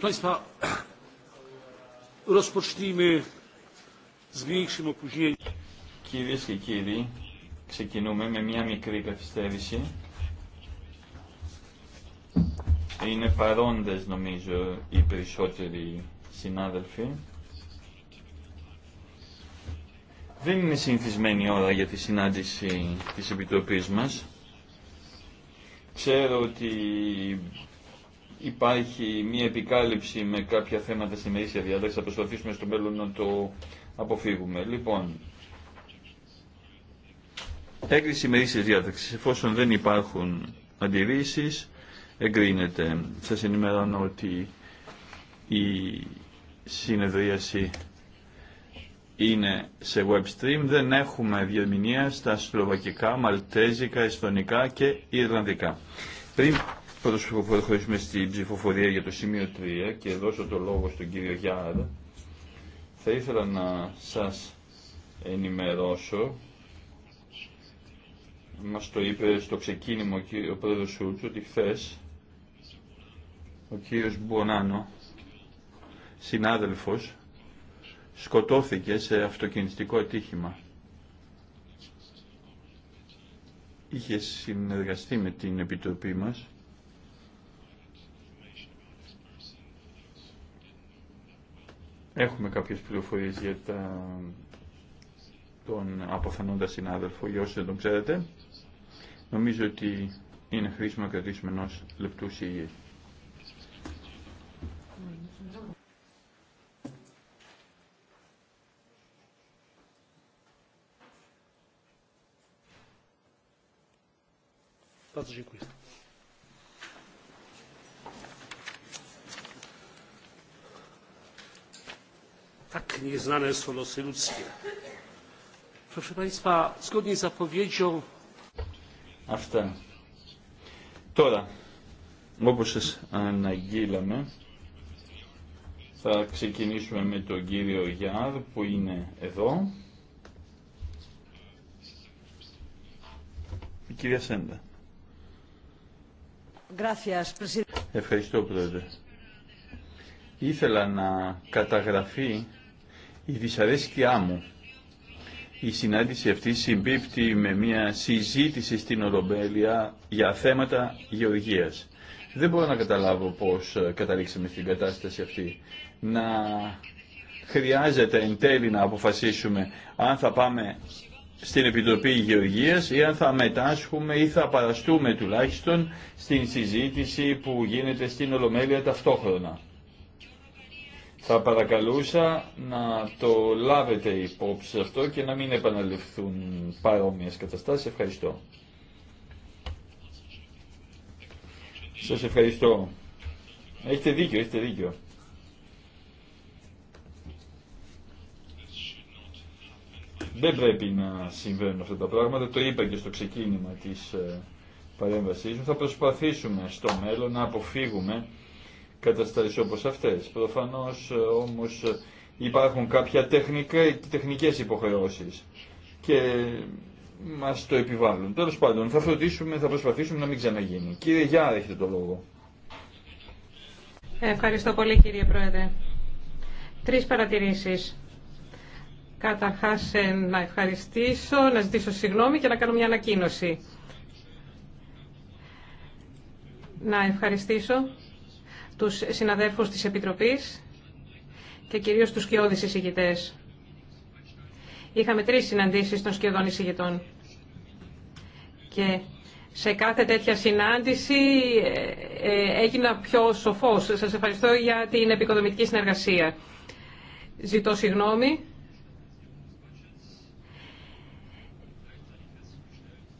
Państwa, Κυρίες και κύριοι, ξεκινούμε με μια μικρή καθυστέρηση. Είναι παρόντες νομίζω οι περισσότεροι συνάδελφοι. Δεν είναι συνηθισμένη η ώρα για τη συνάντηση της Επιτροπής μας. Ξέρω ότι υπάρχει μια επικάλυψη με κάποια θέματα στη ημερήσια διάταξη, θα προσπαθήσουμε στο μέλλον να το αποφύγουμε. Λοιπόν, έγκριση ημερήσια διάταξη. Εφόσον δεν υπάρχουν αντιρρήσεις, εγκρίνεται. Σας ενημερώνω ότι η συνεδρίαση είναι σε web stream. Δεν έχουμε διερμηνία στα σλοβακικά, μαλτέζικα, εστωνικά και ιρλανδικά. Πριν Πρώτος προχωρήσουμε στην ψηφοφορία για το σημείο 3 και δώσω το λόγο στον κύριο Γιάρα. Θα ήθελα να σας ενημερώσω. Μας το είπε στο ξεκίνημα ο πρόεδρος Σούλτς ότι χθε ο κύριος Μπονάνο, συνάδελφος, σκοτώθηκε σε αυτοκινητικό ατύχημα. Είχε συνεργαστεί με την Επιτροπή μας Έχουμε κάποιες πληροφορίες για τα... τον αποθανόντα συνάδελφο, για όσοι δεν τον ξέρετε. Νομίζω ότι είναι χρήσιμο να κρατήσουμε ενό λεπτού συγγύη. tak nieznane są losy ludzkie. Proszę Państwa, zgodnie z zapowiedzią... Αυτά. Τώρα, όπως σας αναγγείλαμε, θα ξεκινήσουμε με τον κύριο Γιάρ που είναι εδώ. Η κυρία Σέντα. Ευχαριστώ, Πρόεδρε. Ήθελα να καταγραφεί η δυσαρέσκειά μου. Η συνάντηση αυτή συμπίπτει με μια συζήτηση στην Ολομέλεια για θέματα γεωργίας. Δεν μπορώ να καταλάβω πώς ε, καταλήξαμε στην κατάσταση αυτή. Να χρειάζεται εν τέλει να αποφασίσουμε αν θα πάμε στην Επιτροπή Γεωργίας ή αν θα μετάσχουμε ή θα παραστούμε τουλάχιστον στην συζήτηση που γίνεται στην Ολομέλεια ταυτόχρονα. Θα παρακαλούσα να το λάβετε υπόψη αυτό και να μην επαναληφθούν παρόμοιες καταστάσεις. Ευχαριστώ. Σας ευχαριστώ. Έχετε δίκιο, έχετε δίκιο. Δεν πρέπει να συμβαίνουν αυτά τα πράγματα. Το είπα και στο ξεκίνημα της ε, παρέμβασής μου. Θα προσπαθήσουμε στο μέλλον να αποφύγουμε καταστάσεις όπως αυτές. Προφανώς ε, όμως ε, υπάρχουν κάποια τεχνικά, τεχνικές υποχρεώσεις και μας το επιβάλλουν. Τέλος πάντων θα φροντίσουμε, θα προσπαθήσουμε να μην ξαναγίνει. Κύριε Γιά, έχετε το λόγο. Ευχαριστώ πολύ κύριε Πρόεδρε. Τρεις παρατηρήσεις. Καταρχάς ε, να ευχαριστήσω, να ζητήσω συγγνώμη και να κάνω μια ανακοίνωση. Να ευχαριστήσω τους συναδέλφους της Επιτροπής και κυρίως τους σκιώδεις εισηγητές. Είχαμε τρεις συναντήσεις των σκιωδών εισηγητών. Και σε κάθε τέτοια συνάντηση ε, ε, έγινα πιο σοφός. Σας ευχαριστώ για την επικοδομητική συνεργασία. Ζητώ συγγνώμη.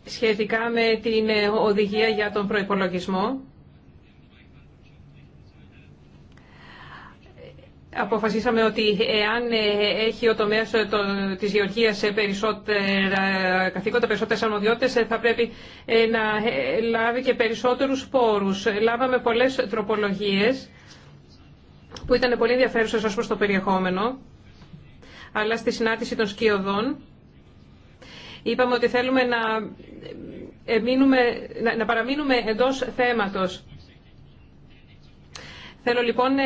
Σχετικά με την ε, οδηγία για τον προϋπολογισμό. Αποφασίσαμε ότι εάν ε, έχει ο τομέα ε, τη γεωργία ε, περισσότερα καθήκοντα, περισσότερε αρμοδιότητε, θα πρέπει να λάβει και περισσότερου πόρου. Λάβαμε πολλέ τροπολογίε που ήταν πολύ ενδιαφέρουσε ω προ το περιεχόμενο, αλλά στη συνάντηση των σκιωδών είπαμε ότι θέλουμε να, να παραμείνουμε εντός θέματος. Θέλω λοιπόν ε,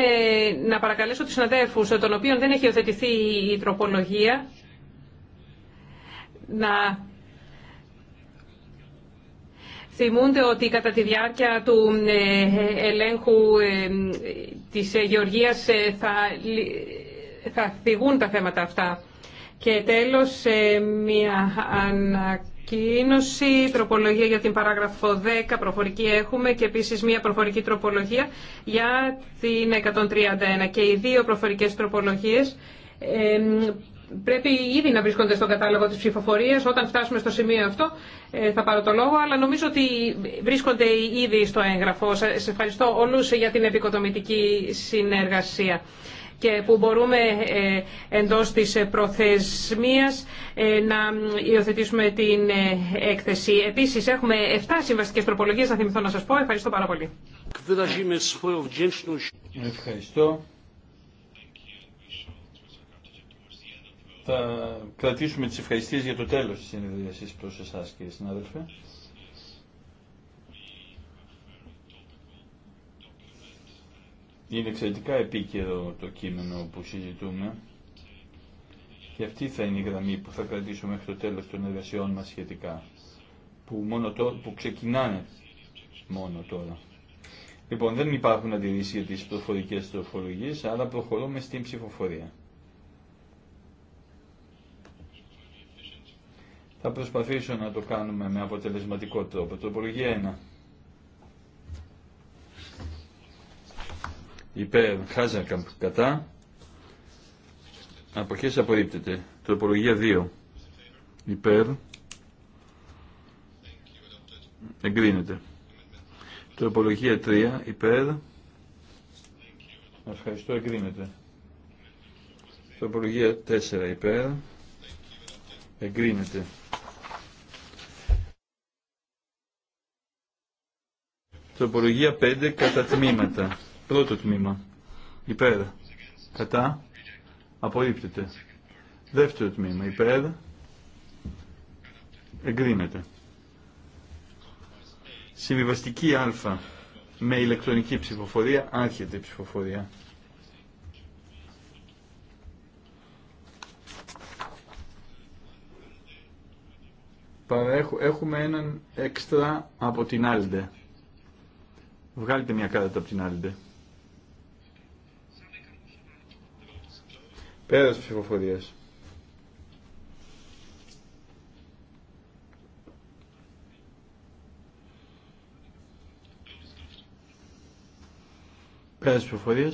να παρακαλέσω τους συναδέλφους, των οποίων δεν έχει οθετηθεί η τροπολογία, να θυμούνται ότι κατά τη διάρκεια του ε, ελέγχου ε, της Γεωργίας θα, θα θυγούν τα θέματα αυτά. Και τέλος, μια ανακοίνωση ανακοίνωση, τροπολογία για την παράγραφο 10, προφορική έχουμε και επίσης μία προφορική τροπολογία για την 131 και οι δύο προφορικές τροπολογίες ε, πρέπει ήδη να βρίσκονται στον κατάλογο της ψηφοφορίας. Όταν φτάσουμε στο σημείο αυτό ε, θα πάρω το λόγο, αλλά νομίζω ότι βρίσκονται ήδη στο έγγραφο. Σε ευχαριστώ όλους για την επικοδομητική συνεργασία και που μπορούμε ε, εντός της ε, προθεσμίας ε, να υιοθετήσουμε την έκθεση. Επίσης έχουμε 7 συμβαστικές τροπολογίες, να θυμηθώ να σας πω. Ευχαριστώ πάρα πολύ. Ευχαριστώ. Θα κρατήσουμε τις ευχαριστίες για το τέλος της συνεδρίασης προς εσάς κύριε συνάδελφε. Είναι εξαιρετικά επίκαιρο το κείμενο που συζητούμε και αυτή θα είναι η γραμμή που θα κρατήσουμε μέχρι το τέλος των εργασιών μας σχετικά, που, μόνο το που ξεκινάνε μόνο τώρα. Λοιπόν, δεν υπάρχουν αντιρρήσεις για τις προφορικές τροφολογίες, αλλά προχωρούμε στην ψηφοφορία. Θα προσπαθήσω να το κάνουμε με αποτελεσματικό τρόπο. Τροπολογία 1. υπέρ Χάζακαμπ κατά αποχές απορρίπτεται τροπολογία 2 υπέρ εγκρίνεται τροπολογία 3 υπέρ ευχαριστώ εγκρίνεται τροπολογία 4 υπέρ εγκρίνεται τροπολογία 5 κατά τμήματα Πρώτο τμήμα. Υπέρ. Κατά. Απορρίπτεται. Δεύτερο τμήμα. Υπέρ. Εγκρίνεται. Συμβιβαστική α με ηλεκτρονική ψηφοφορία. Άρχεται η ψηφοφορία. Έχουμε έναν έξτρα από την Άλντε. Βγάλετε μια κάρτα από την Άλντε. Πέρας ψηφοφορία. Πέρας ψηφοφορία.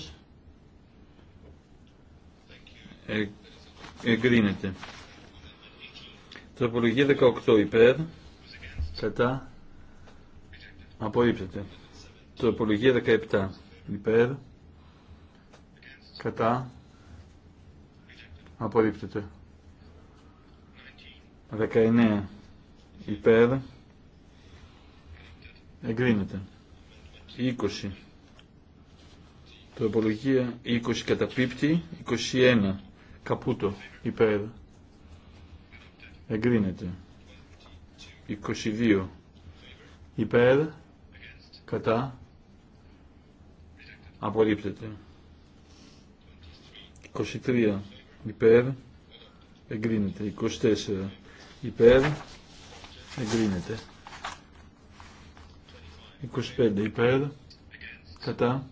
Ε, εγκρίνεται. Τροπολογία 18 υπέρ. Κατά. Απορρίπτεται. Τροπολογία 17 υπέρ. Κατά απορρίπτεται. 19 υπέρ εγκρίνεται. 20 Προπολογία 20 καταπίπτει, 21 καπούτο υπέρ εγκρίνεται. 22 υπέρ κατά απορρίπτεται. 23 υπέρ, εγκρίνεται. 24 υπέρ, εγκρίνεται. 25 υπέρ, κατά,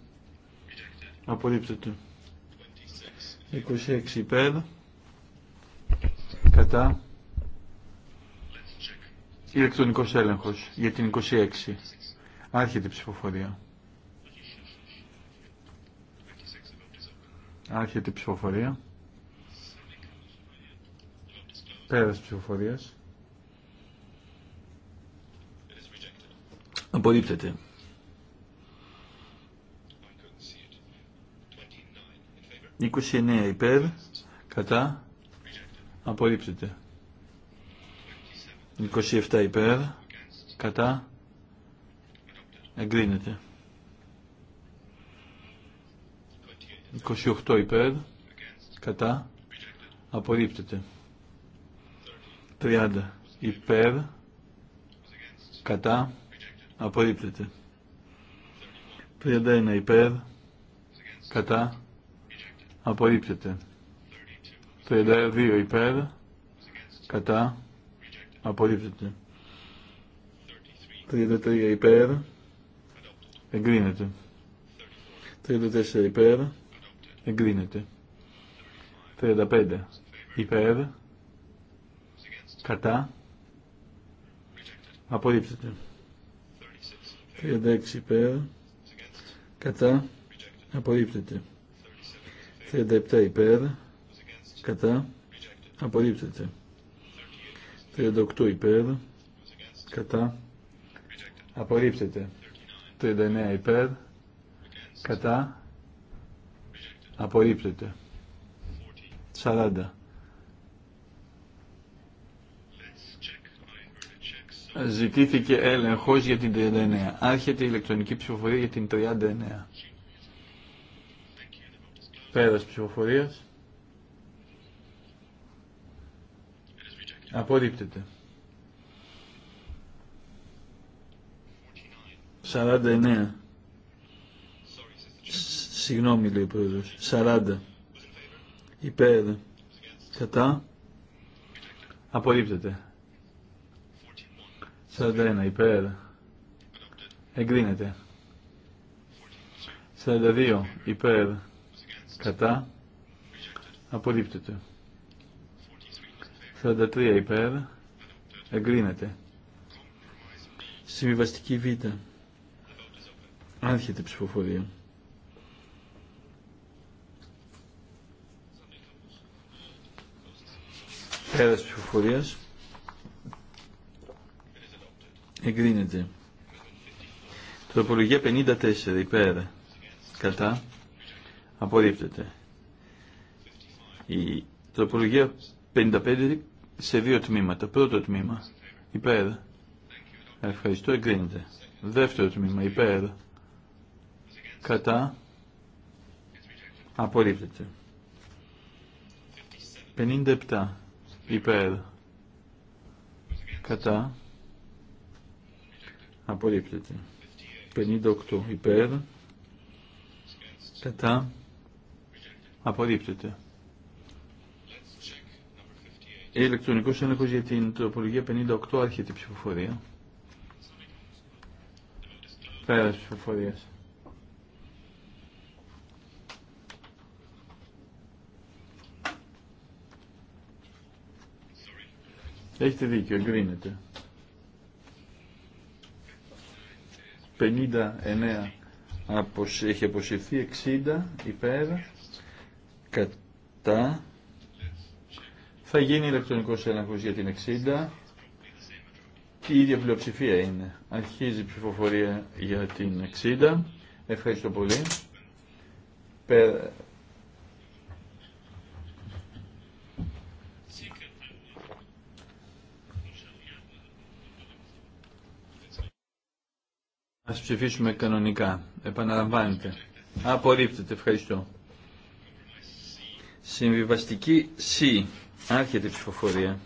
απορρίπτεται. 26 υπέρ, κατά, ηλεκτρονικός έλεγχος για την 26. Άρχεται η ψηφοφορία. Άρχεται η ψηφοφορία. Πέρας ψηφοφορίας. Απορρίπτεται. 29 υπέρ, κατά, απορρίπτεται. 27 υπέρ, κατά, εγκρίνεται. 28 υπέρ, κατά, απορρίπτεται. 30 υπέρ κατά απορρίπτεται 31 υπέρ κατά απορρίπτεται 32 υπέρ κατά απορρίπτεται 33 υπέρ εγκρίνεται 34 υπέρ εγκρίνεται 35 υπέρ Κατά. Απορρίπτεται. 36 υπέρ. Κατά. Απορρίπτεται. 37 υπέρ. Κατά. Απορρίπτεται. 38 υπέρ. Κατά. Απορρίπτεται. 39 υπέρ. Κατά. Απορρίπτεται. 40 Ζητήθηκε έλεγχος για την 39. Άρχεται η ηλεκτρονική ψηφοφορία για την 39. Πέρας ψηφοφορίας. Απορρίπτεται. 49. Συγγνώμη λέει ο πρόεδρος. 40. Υπέρ. Κατά. Απορρίπτεται. 41 υπέρ. Εγκρίνεται. 42 υπέρ. Κατά. Απορρίπτεται. 43 υπέρ. Εγκρίνεται. Συμβιβαστική Β. Άρχεται ψηφοφορία. Πέρας ψηφοφορίας εγκρίνεται. Τροπολογία 54 υπέρ κατά απορρίπτεται. Η τροπολογία 55 σε δύο τμήματα. Πρώτο τμήμα υπέρ. Ευχαριστώ εγκρίνεται. Δεύτερο τμήμα υπέρ κατά απορρίπτεται. 57 υπέρ κατά απορρίπτεται. 58 υπέρ, κατά, απορρίπτεται. Ηλεκτρονικός έλεγχος για την τροπολογία 58 άρχεται η ψηφοφορία. της ψηφοφορίας. Έχετε δίκιο, εγκρίνεται. 59 έχει αποσυρθεί 60 υπέρ κατά θα γίνει ηλεκτρονικός έλεγχος για την 60 και η ίδια πλειοψηφία είναι αρχίζει η ψηφοφορία για την 60 ευχαριστώ πολύ Ας ψηφίσουμε κανονικά. Επαναλαμβάνεται. Απορρίπτεται. Ευχαριστώ. Συμβιβαστική C. Άρχεται η ψηφοφορία.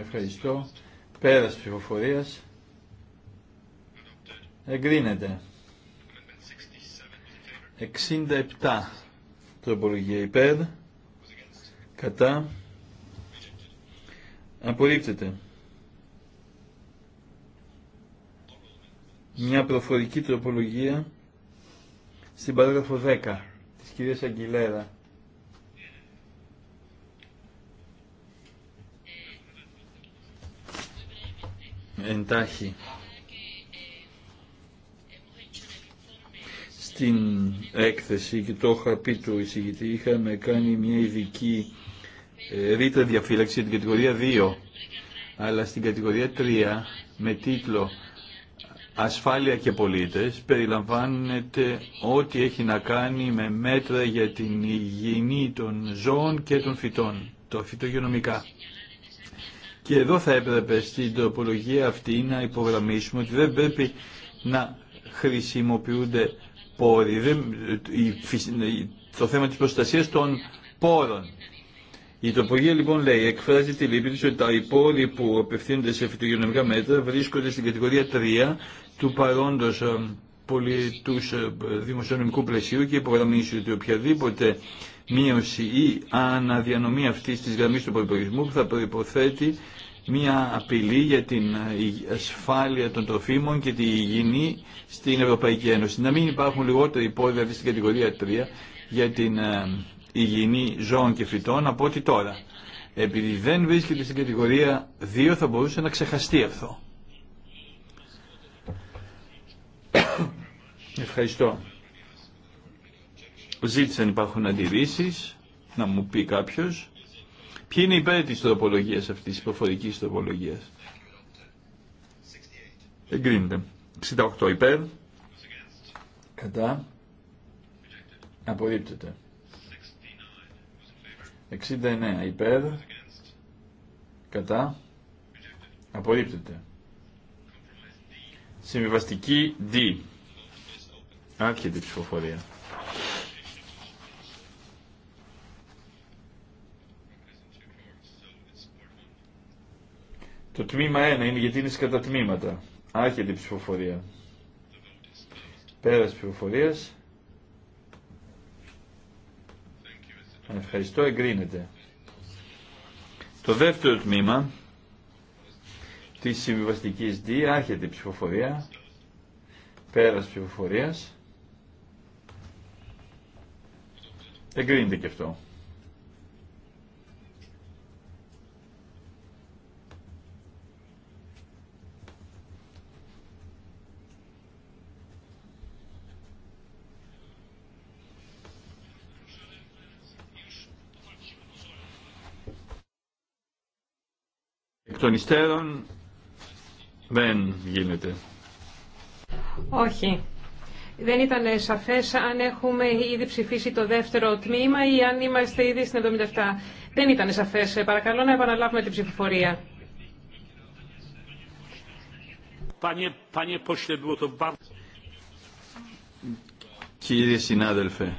Ευχαριστώ. Πέρας ψηφοφορίας. Εγκρίνεται. 67 τροπολογία υπέρ. Κατά. Απορρίπτεται. Μια προφορική τροπολογία στην παράγραφο 10 της κυρίας Αγγιλέρα. Εντάχει. Στην έκθεση και το είχα πει του εισηγητή είχαμε κάνει μια ειδική ε, ρήτρα διαφύλαξη την κατηγορία 2, αλλά στην κατηγορία 3 με τίτλο Ασφάλεια και πολίτες περιλαμβάνεται ό,τι έχει να κάνει με μέτρα για την υγιεινή των ζώων και των φυτών, το φυτογενομικά. Και εδώ θα έπρεπε στην τροπολογία αυτή να υπογραμμίσουμε ότι δεν πρέπει να χρησιμοποιούνται πόροι. το θέμα της προστασίας των πόρων η τροπολογία λοιπόν λέει, εκφράζει τη λύπη της ότι τα υπόλοιπα που απευθύνονται σε φυτογενομικά μέτρα βρίσκονται στην κατηγορία 3 του παρόντος ε, πολιτούς ε, δημοσιονομικού πλαισίου και υπογραμμίσει ότι οποιαδήποτε μείωση ή αναδιανομή αυτής της γραμμής του προπολογισμού θα προϋποθέτει μια απειλή για την ε, ασφάλεια των τροφίμων και τη υγιεινή στην Ευρωπαϊκή Ένωση. Να μην υπάρχουν λιγότεροι υπόλοιποι δηλαδή, στην κατηγορία 3 για την υγιεινή ζώων και φυτών από ό,τι τώρα. Επειδή δεν βρίσκεται στην κατηγορία 2 θα μπορούσε να ξεχαστεί αυτό. Ευχαριστώ. Ζήτησαν υπάρχουν αντιρρήσει να μου πει κάποιο. Ποιοι είναι υπέρ τη τροπολογία αυτής, τη προφορική τροπολογία. Εγκρίνεται. 68 υπέρ. Κατά. Απορρίπτεται. 69 υπέρ κατά απορρίπτεται. Συμβιβαστική D. Άρχεται η ψηφοφορία. Το τμήμα 1 είναι γιατί είναι κατά τμήματα. Άρχεται η ψηφοφορία. Πέρας ψηφοφορίας Ευχαριστώ, εγκρίνεται. Το δεύτερο τμήμα της συμβιβαστικής D, άρχεται η ψηφοφορία, πέρας ψηφοφορίας, εγκρίνεται και αυτό. των υστέρων δεν γίνεται. Όχι. Δεν ήταν σαφές αν έχουμε ήδη ψηφίσει το δεύτερο τμήμα ή αν είμαστε ήδη στην 77. Δεν ήταν σαφές. Παρακαλώ να επαναλάβουμε την ψηφοφορία. Κύριε συνάδελφε,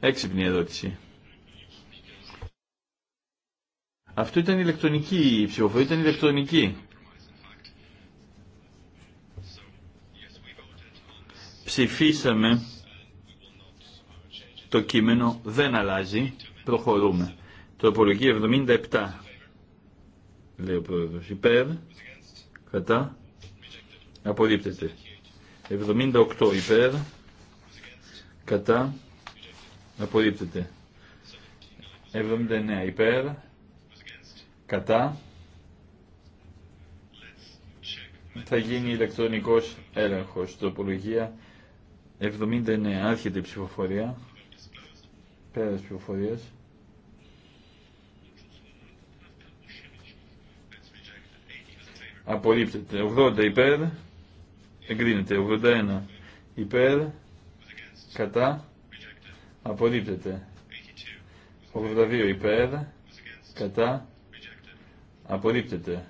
έξυπνη ερώτηση. Αυτό ήταν ηλεκτρονική η ψηφοφορία, ήταν ηλεκτρονική. Ψηφίσαμε το κείμενο, δεν αλλάζει, προχωρούμε. το απολογεί 77, λέει ο πρόεδρος, υπέρ, κατά, απορρίπτεται. 78 υπέρ, κατά, απορρίπτεται. 79 υπέρ, κατά θα γίνει ηλεκτρονικός έλεγχος. Τροπολογία 79. Άρχεται η ψηφοφορία. Πέρας ψηφοφορίας. Απορρίπτεται. 80 υπέρ. Εγκρίνεται. 81 υπέρ. Κατά. Απορρίπτεται. 82 υπέρ. Κατά. Απορρίπτεται.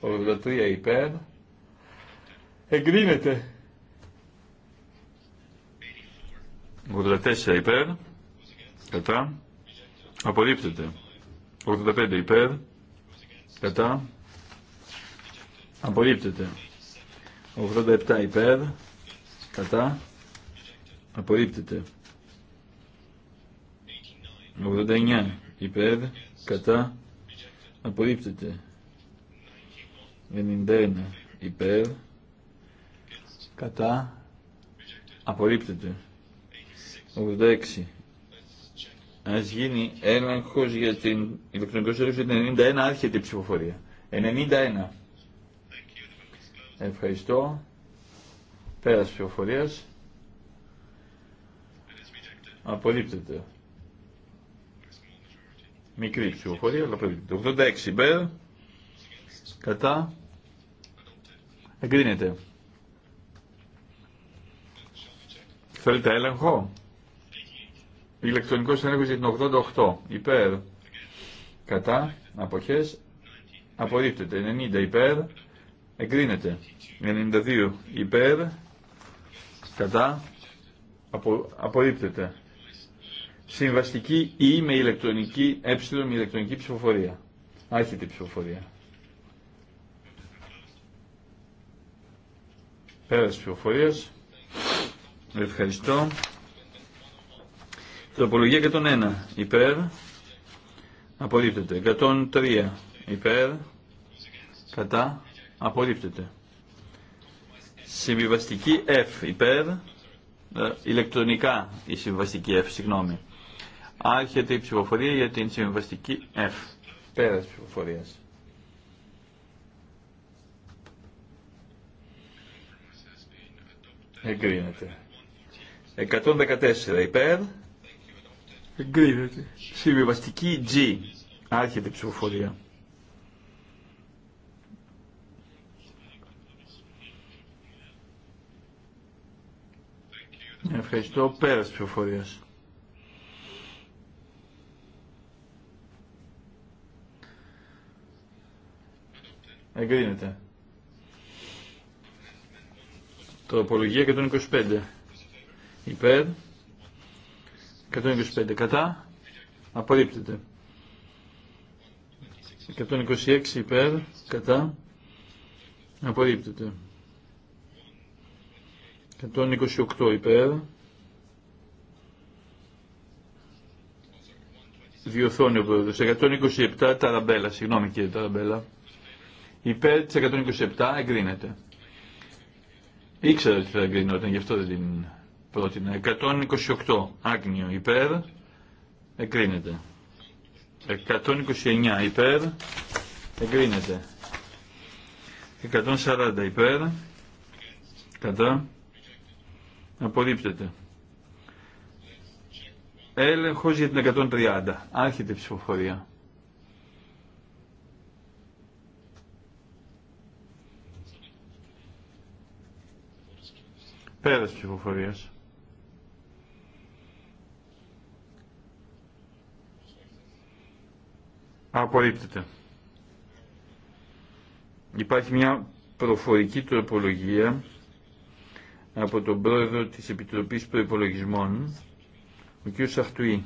83 υπέρ. Εγκρίνεται. 84 υπέρ. Κατά. Απορρίπτεται. 85 υπέρ. Κατά. Απορρίπτεται. 87 υπέρ. Κατά. Απορρίπτεται. 89 υπέρ. Κατά απορρίπτεται 91 υπέρ κατά απορρίπτεται 86 Ας γίνει έλεγχος για την ηλεκτρονική έλεγχο 91 άρχεται η ψηφοφορία 91 Ευχαριστώ πέρας ψηφοφορίας απορρίπτεται Μικρή ψηφοφορία, αλλά πρέπει. 86 υπέρ. Κατά. Εγκρίνεται. Θέλετε έλεγχο. Ηλεκτρονικό έλεγχος για την 88. Υπέρ. Κατά. Αποχές. Απορρίπτεται. 90 υπέρ. Εγκρίνεται. 92 υπέρ. Κατά. Απο, απορρίπτεται. Συμβαστική ή e με ηλεκτρονική, ε με ηλεκτρονική ψηφοφορία. Άρχεται ψηφοφορία. Πέρας ψηφοφορια Ευχαριστώ. Τροπολογία 101. Υπέρ. Απορρίπτεται. 103. Υπέρ. Κατά. Απορρίπτεται. Συμβιβαστική F. Υπέρ. Ε, ηλεκτρονικά η συμβαστική F. Συγγνώμη. Άρχεται η ψηφοφορία για την συμβαστική F. Πέρας ψηφοφορίας. Εγκρίνεται. 114 υπέρ. Εγκρίνεται. Συμβιβαστική G. Άρχεται η ψηφοφορία. Ευχαριστώ. Πέρας ψηφοφορίας. Εγκρίνεται. Τροπολογία 125. Υπέρ. 125 κατά. Απορρίπτεται. 126 υπέρ. Κατά. Απορρίπτεται. 128 υπέρ. Διορθώνει ο πρόεδρος. 127 ταραμπέλα. Συγγνώμη κύριε ταραμπέλα. Υπέρ τη 127 εγκρίνεται. Ήξερα ότι θα εγκρινόταν, γι' αυτό δεν την πρότεινα. 128 άγνιο υπέρ εγκρίνεται. 129 υπέρ εγκρίνεται. 140 υπέρ κατά απορρίπτεται. Έλεγχος για την 130. Άρχεται η ψηφοφορία. της ψηφοφορίας. Απορρίπτεται. Υπάρχει μια προφορική τροπολογία από τον πρόεδρο της Επιτροπής Προϋπολογισμών, ο κ. Σαχτουή.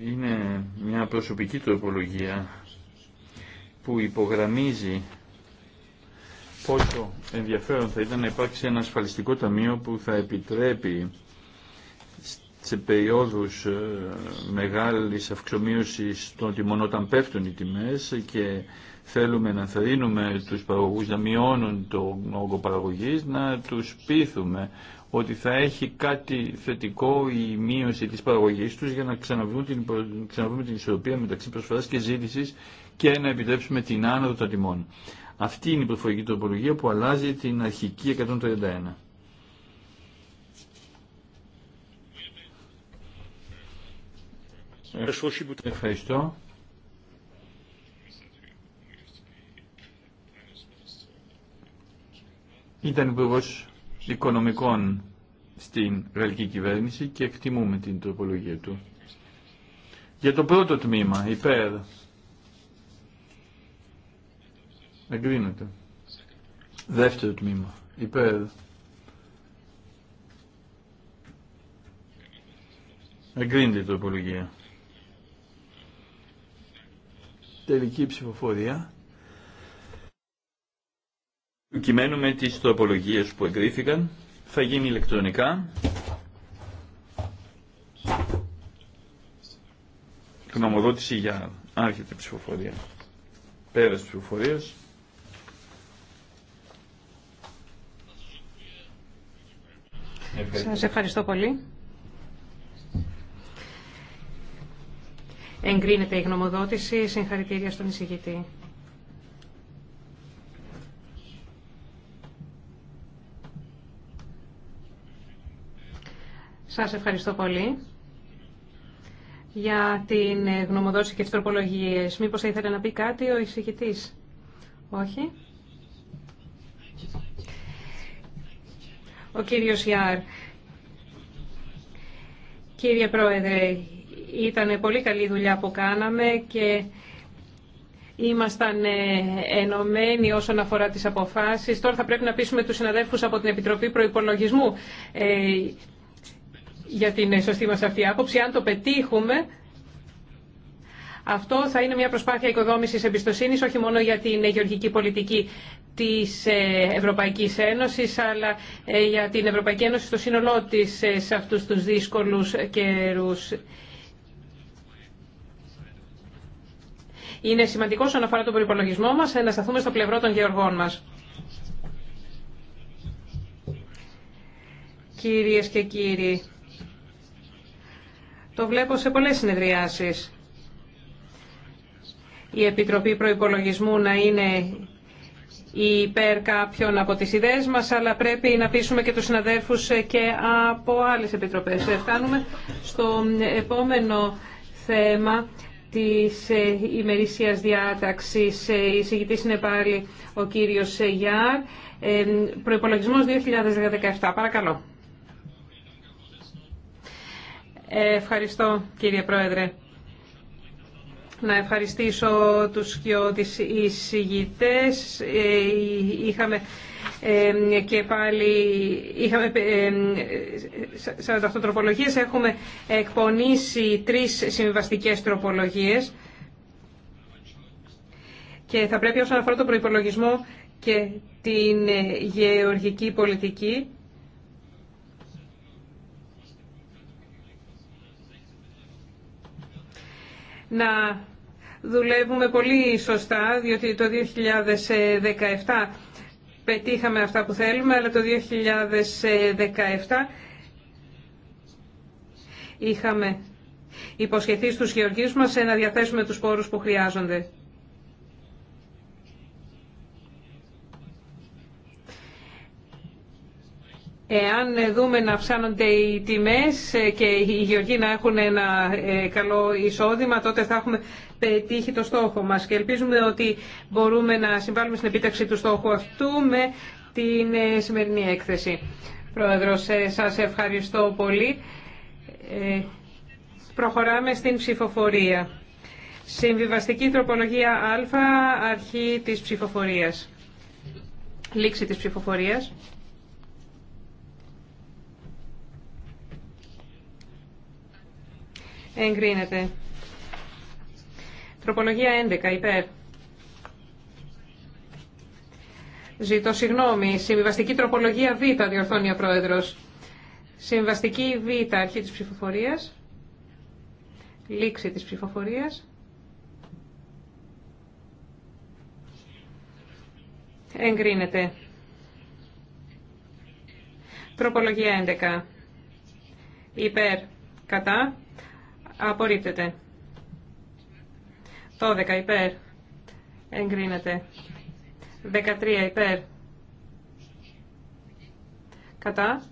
Είναι μια προσωπική τροπολογία που υπογραμμίζει πόσο ενδιαφέρον θα ήταν να υπάρξει ένα ασφαλιστικό ταμείο που θα επιτρέπει σε περίοδους ε, μεγάλης αυξομοίωσης των τιμών όταν πέφτουν οι τιμές και θέλουμε να θρύνουμε τους παραγωγούς να μειώνουν το όγκο παραγωγής, να τους πείθουμε ότι θα έχει κάτι θετικό η μείωση της παραγωγής τους για να ξαναβρούμε την, ξαναβρούμε την ισορροπία μεταξύ προσφοράς και ζήτησης και να επιτρέψουμε την άνοδο των τιμών. Αυτή είναι η προφορική τροπολογία που αλλάζει την αρχική 131. Ευχαριστώ. Ήταν υπουργό οικονομικών στην γαλλική κυβέρνηση και εκτιμούμε την τροπολογία του. Για το πρώτο τμήμα, υπέρ Εγκρίνεται. Δεύτερο τμήμα. Υπέρ. Εγκρίνεται η τροπολογία. Τελική ψηφοφορία. Το με τις τροπολογίες που εγκρίθηκαν θα γίνει ηλεκτρονικά. Γνωμοδότηση για άρχεται ψηφοφορία. Πέρας ψηφοφορίας. Σας ευχαριστώ πολύ. Εγκρίνεται η γνωμοδότηση. Συγχαρητήρια στον εισηγητή. Σας ευχαριστώ πολύ για την γνωμοδότηση και τις τροπολογίες. Μήπως θα ήθελε να πει κάτι ο εισηγητής. Όχι. Ο κύριος Ιάρ, Κύριε Πρόεδρε, ήταν πολύ καλή δουλειά που κάναμε και ήμασταν ε, ενωμένοι όσον αφορά τις αποφάσεις. Τώρα θα πρέπει να πείσουμε τους συναδέλφους από την Επιτροπή Προϋπολογισμού ε, για την σωστή μας αυτή άποψη. Αν το πετύχουμε, αυτό θα είναι μια προσπάθεια οικοδόμησης εμπιστοσύνη, όχι μόνο για την γεωργική πολιτική της ε, Ευρωπαϊκής Ένωσης αλλά ε, για την Ευρωπαϊκή Ένωση στο σύνολό τη ε, σε αυτούς τους δύσκολους καιρούς. Είναι σημαντικό όσον αφορά τον προπολογισμό μας να σταθούμε στο πλευρό των γεωργών μας. Κυρίες και κύριοι, το βλέπω σε πολλές συνεδριάσεις η Επιτροπή Προϋπολογισμού να είναι υπέρ κάποιων από τις ιδέες μας, αλλά πρέπει να πείσουμε και τους συναδέρφους και από άλλες επιτροπές. Ε, φτάνουμε στο επόμενο θέμα της ε, ημερησίας διάταξης. Ε, η συγκητής είναι πάλι ο κύριος Γιάρ. Προϋπολογισμός 2017. Παρακαλώ. Ευχαριστώ κύριε Πρόεδρε να ευχαριστήσω τους και τις εισηγητές. Ε, είχαμε ε, και πάλι είχαμε 48 ε, τροπολογίες. Έχουμε εκπονήσει τρεις συμβαστικές τροπολογίες. Και θα πρέπει όσον αφορά τον προϋπολογισμό και την γεωργική πολιτική να δουλεύουμε πολύ σωστά, διότι το 2017 πετύχαμε αυτά που θέλουμε, αλλά το 2017 είχαμε υποσχεθεί στους γεωργίους μας να διαθέσουμε τους πόρους που χρειάζονται. Εάν δούμε να αυξάνονται οι τιμές και οι γεωργοί να έχουν ένα ε, καλό εισόδημα, τότε θα έχουμε πετύχει το στόχο μας. Και ελπίζουμε ότι μπορούμε να συμβάλλουμε στην επίταξη του στόχου αυτού με την ε, σημερινή έκθεση. Πρόεδρος, σας ευχαριστώ πολύ. Ε, προχωράμε στην ψηφοφορία. Συμβιβαστική τροπολογία Α, αρχή της ψηφοφορίας. Λήξη της ψηφοφορίας. Εγκρίνεται. Τροπολογία 11. Υπέρ. Ζητώ συγγνώμη. Συμβιβαστική τροπολογία Β, διορθώνει ο Πρόεδρος. Συμβιβαστική Β, αρχή τη ψηφοφορίας. Λήξη της ψηφοφορίας. Εγκρίνεται. Τροπολογία 11. Υπέρ. Κατά. Απορρίπτεται. 12 υπέρ. Εγκρίνεται. 13 υπέρ. Κατά.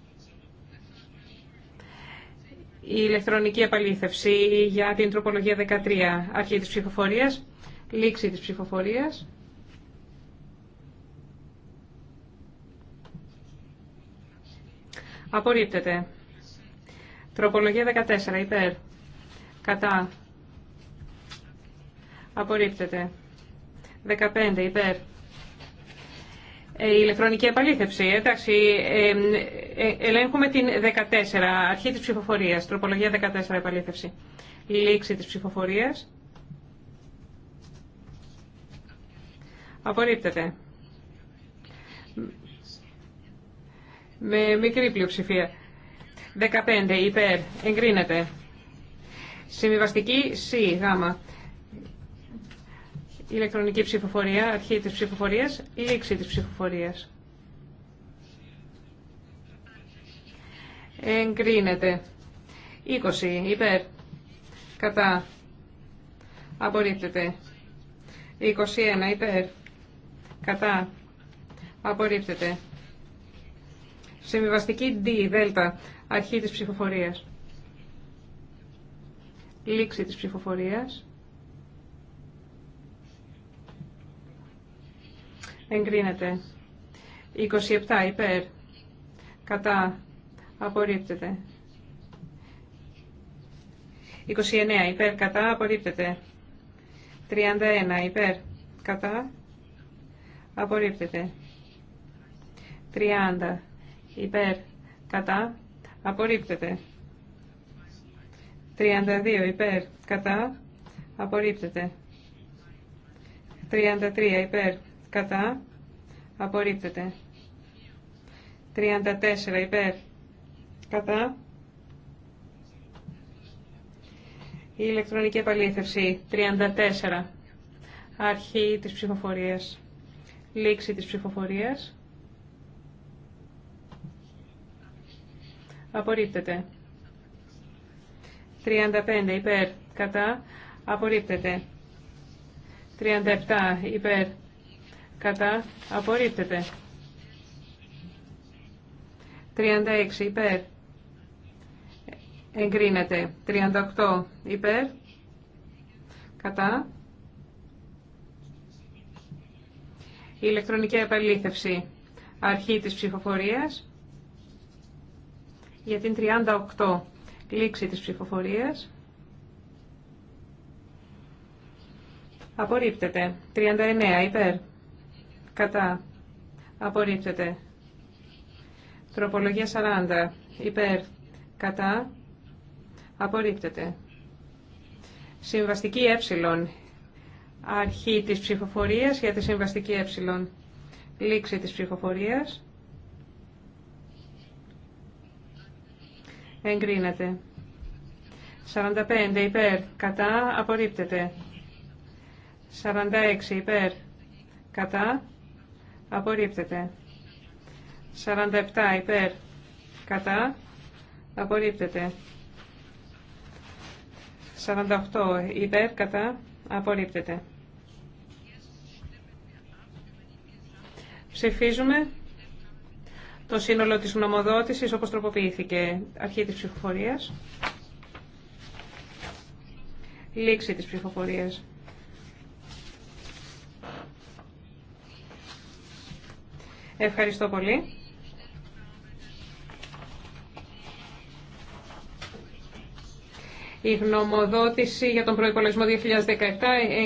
Η ηλεκτρονική επαλήθευση για την τροπολογία 13. Αρχή της ψηφοφορίας. Λήξη της ψηφοφορίας. Απορρίπτεται. Τροπολογία 14 υπέρ. Κατά. Απορρίπτεται. 15 υπέρ. Ε, η ηλεκτρονική επαλήθευση. Εντάξει, ε, ελέγχουμε την 14, αρχή της ψηφοφορίας, τροπολογία 14 επαλήθευση. Λήξη της ψηφοφορίας. Απορρίπτεται. Με μικρή πλειοψηφία. 15 υπέρ. Εγκρίνεται. Συμβιβαστική C, γάμα. Ηλεκτρονική ψηφοφορία, αρχή της ψηφοφορίας, λήξη της ψηφοφορίας. Εγκρίνεται. 20 υπέρ. Κατά. Απορρίπτεται. 21 υπέρ. Κατά. Απορρίπτεται. Συμβιβαστική D, δέλτα, αρχή της ψηφοφορίας. Λήξη της ψηφοφορίας. Εγκρίνεται. 27 υπέρ. Κατά. Απορρίπτεται. 29 υπέρ. Κατά. Απορρίπτεται. 31 υπέρ. Κατά. Απορρίπτεται. 30 υπέρ. Κατά. Απορρίπτεται. 32 υπέρ κατά απορρίπτεται. 33 υπέρ κατά απορρίπτεται. 34 υπέρ κατά η ηλεκτρονική επαλήθευση 34 αρχή της ψηφοφορίας λήξη της ψηφοφορίας απορρίπτεται 35 υπέρ κατά απορρίπτεται. 37 υπέρ κατά απορρίπτεται. 36 υπέρ εγκρίνεται. 38 υπέρ κατά ηλεκτρονική επαλήθευση αρχή της ψηφοφορίας για την 38. Λήξη της ψηφοφορίας. Απορρίπτεται. 39 υπέρ. Κατά. Απορρίπτεται. Τροπολογία 40 υπέρ. Κατά. Απορρίπτεται. Συμβαστική ε. Αρχή της ψηφοφορίας για τη συμβαστική ε. Λήξη της ψηφοφορίας. εγκρίνεται. 45 υπέρ, κατά, απορρίπτεται. 46 υπέρ, κατά, απορρίπτεται. 47 υπέρ, κατά, απορρίπτεται. 48 υπέρ, κατά, απορρίπτεται. Ψηφίζουμε το σύνολο της γνωμοδότησης όπως τροποποιήθηκε. Αρχή της ψηφοφορίας. Λήξη της ψηφοφορίας. Ευχαριστώ πολύ. Η γνωμοδότηση για τον προϋπολογισμό 2017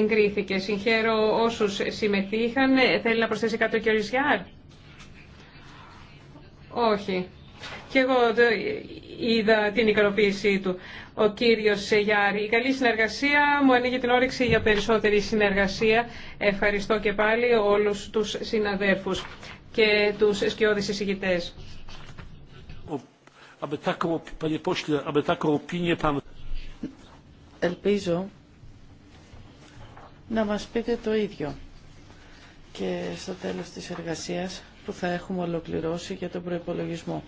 εγκρίθηκε. Συγχαίρω όσους συμμετείχαν. Θέλει να προσθέσει κάτι ο κ. Όχι. Και εγώ είδα την ικανοποίησή του. Ο κύριος Σεγιάρη. η καλή συνεργασία μου ανοίγει την όρεξη για περισσότερη συνεργασία. Ευχαριστώ και πάλι όλους τους συναδέρφους και τους σκιώδεις εισηγητές. Ελπίζω να μας πείτε το ίδιο και στο τέλος της εργασίας που θα έχουμε ολοκληρώσει για τον προϋπολογισμό.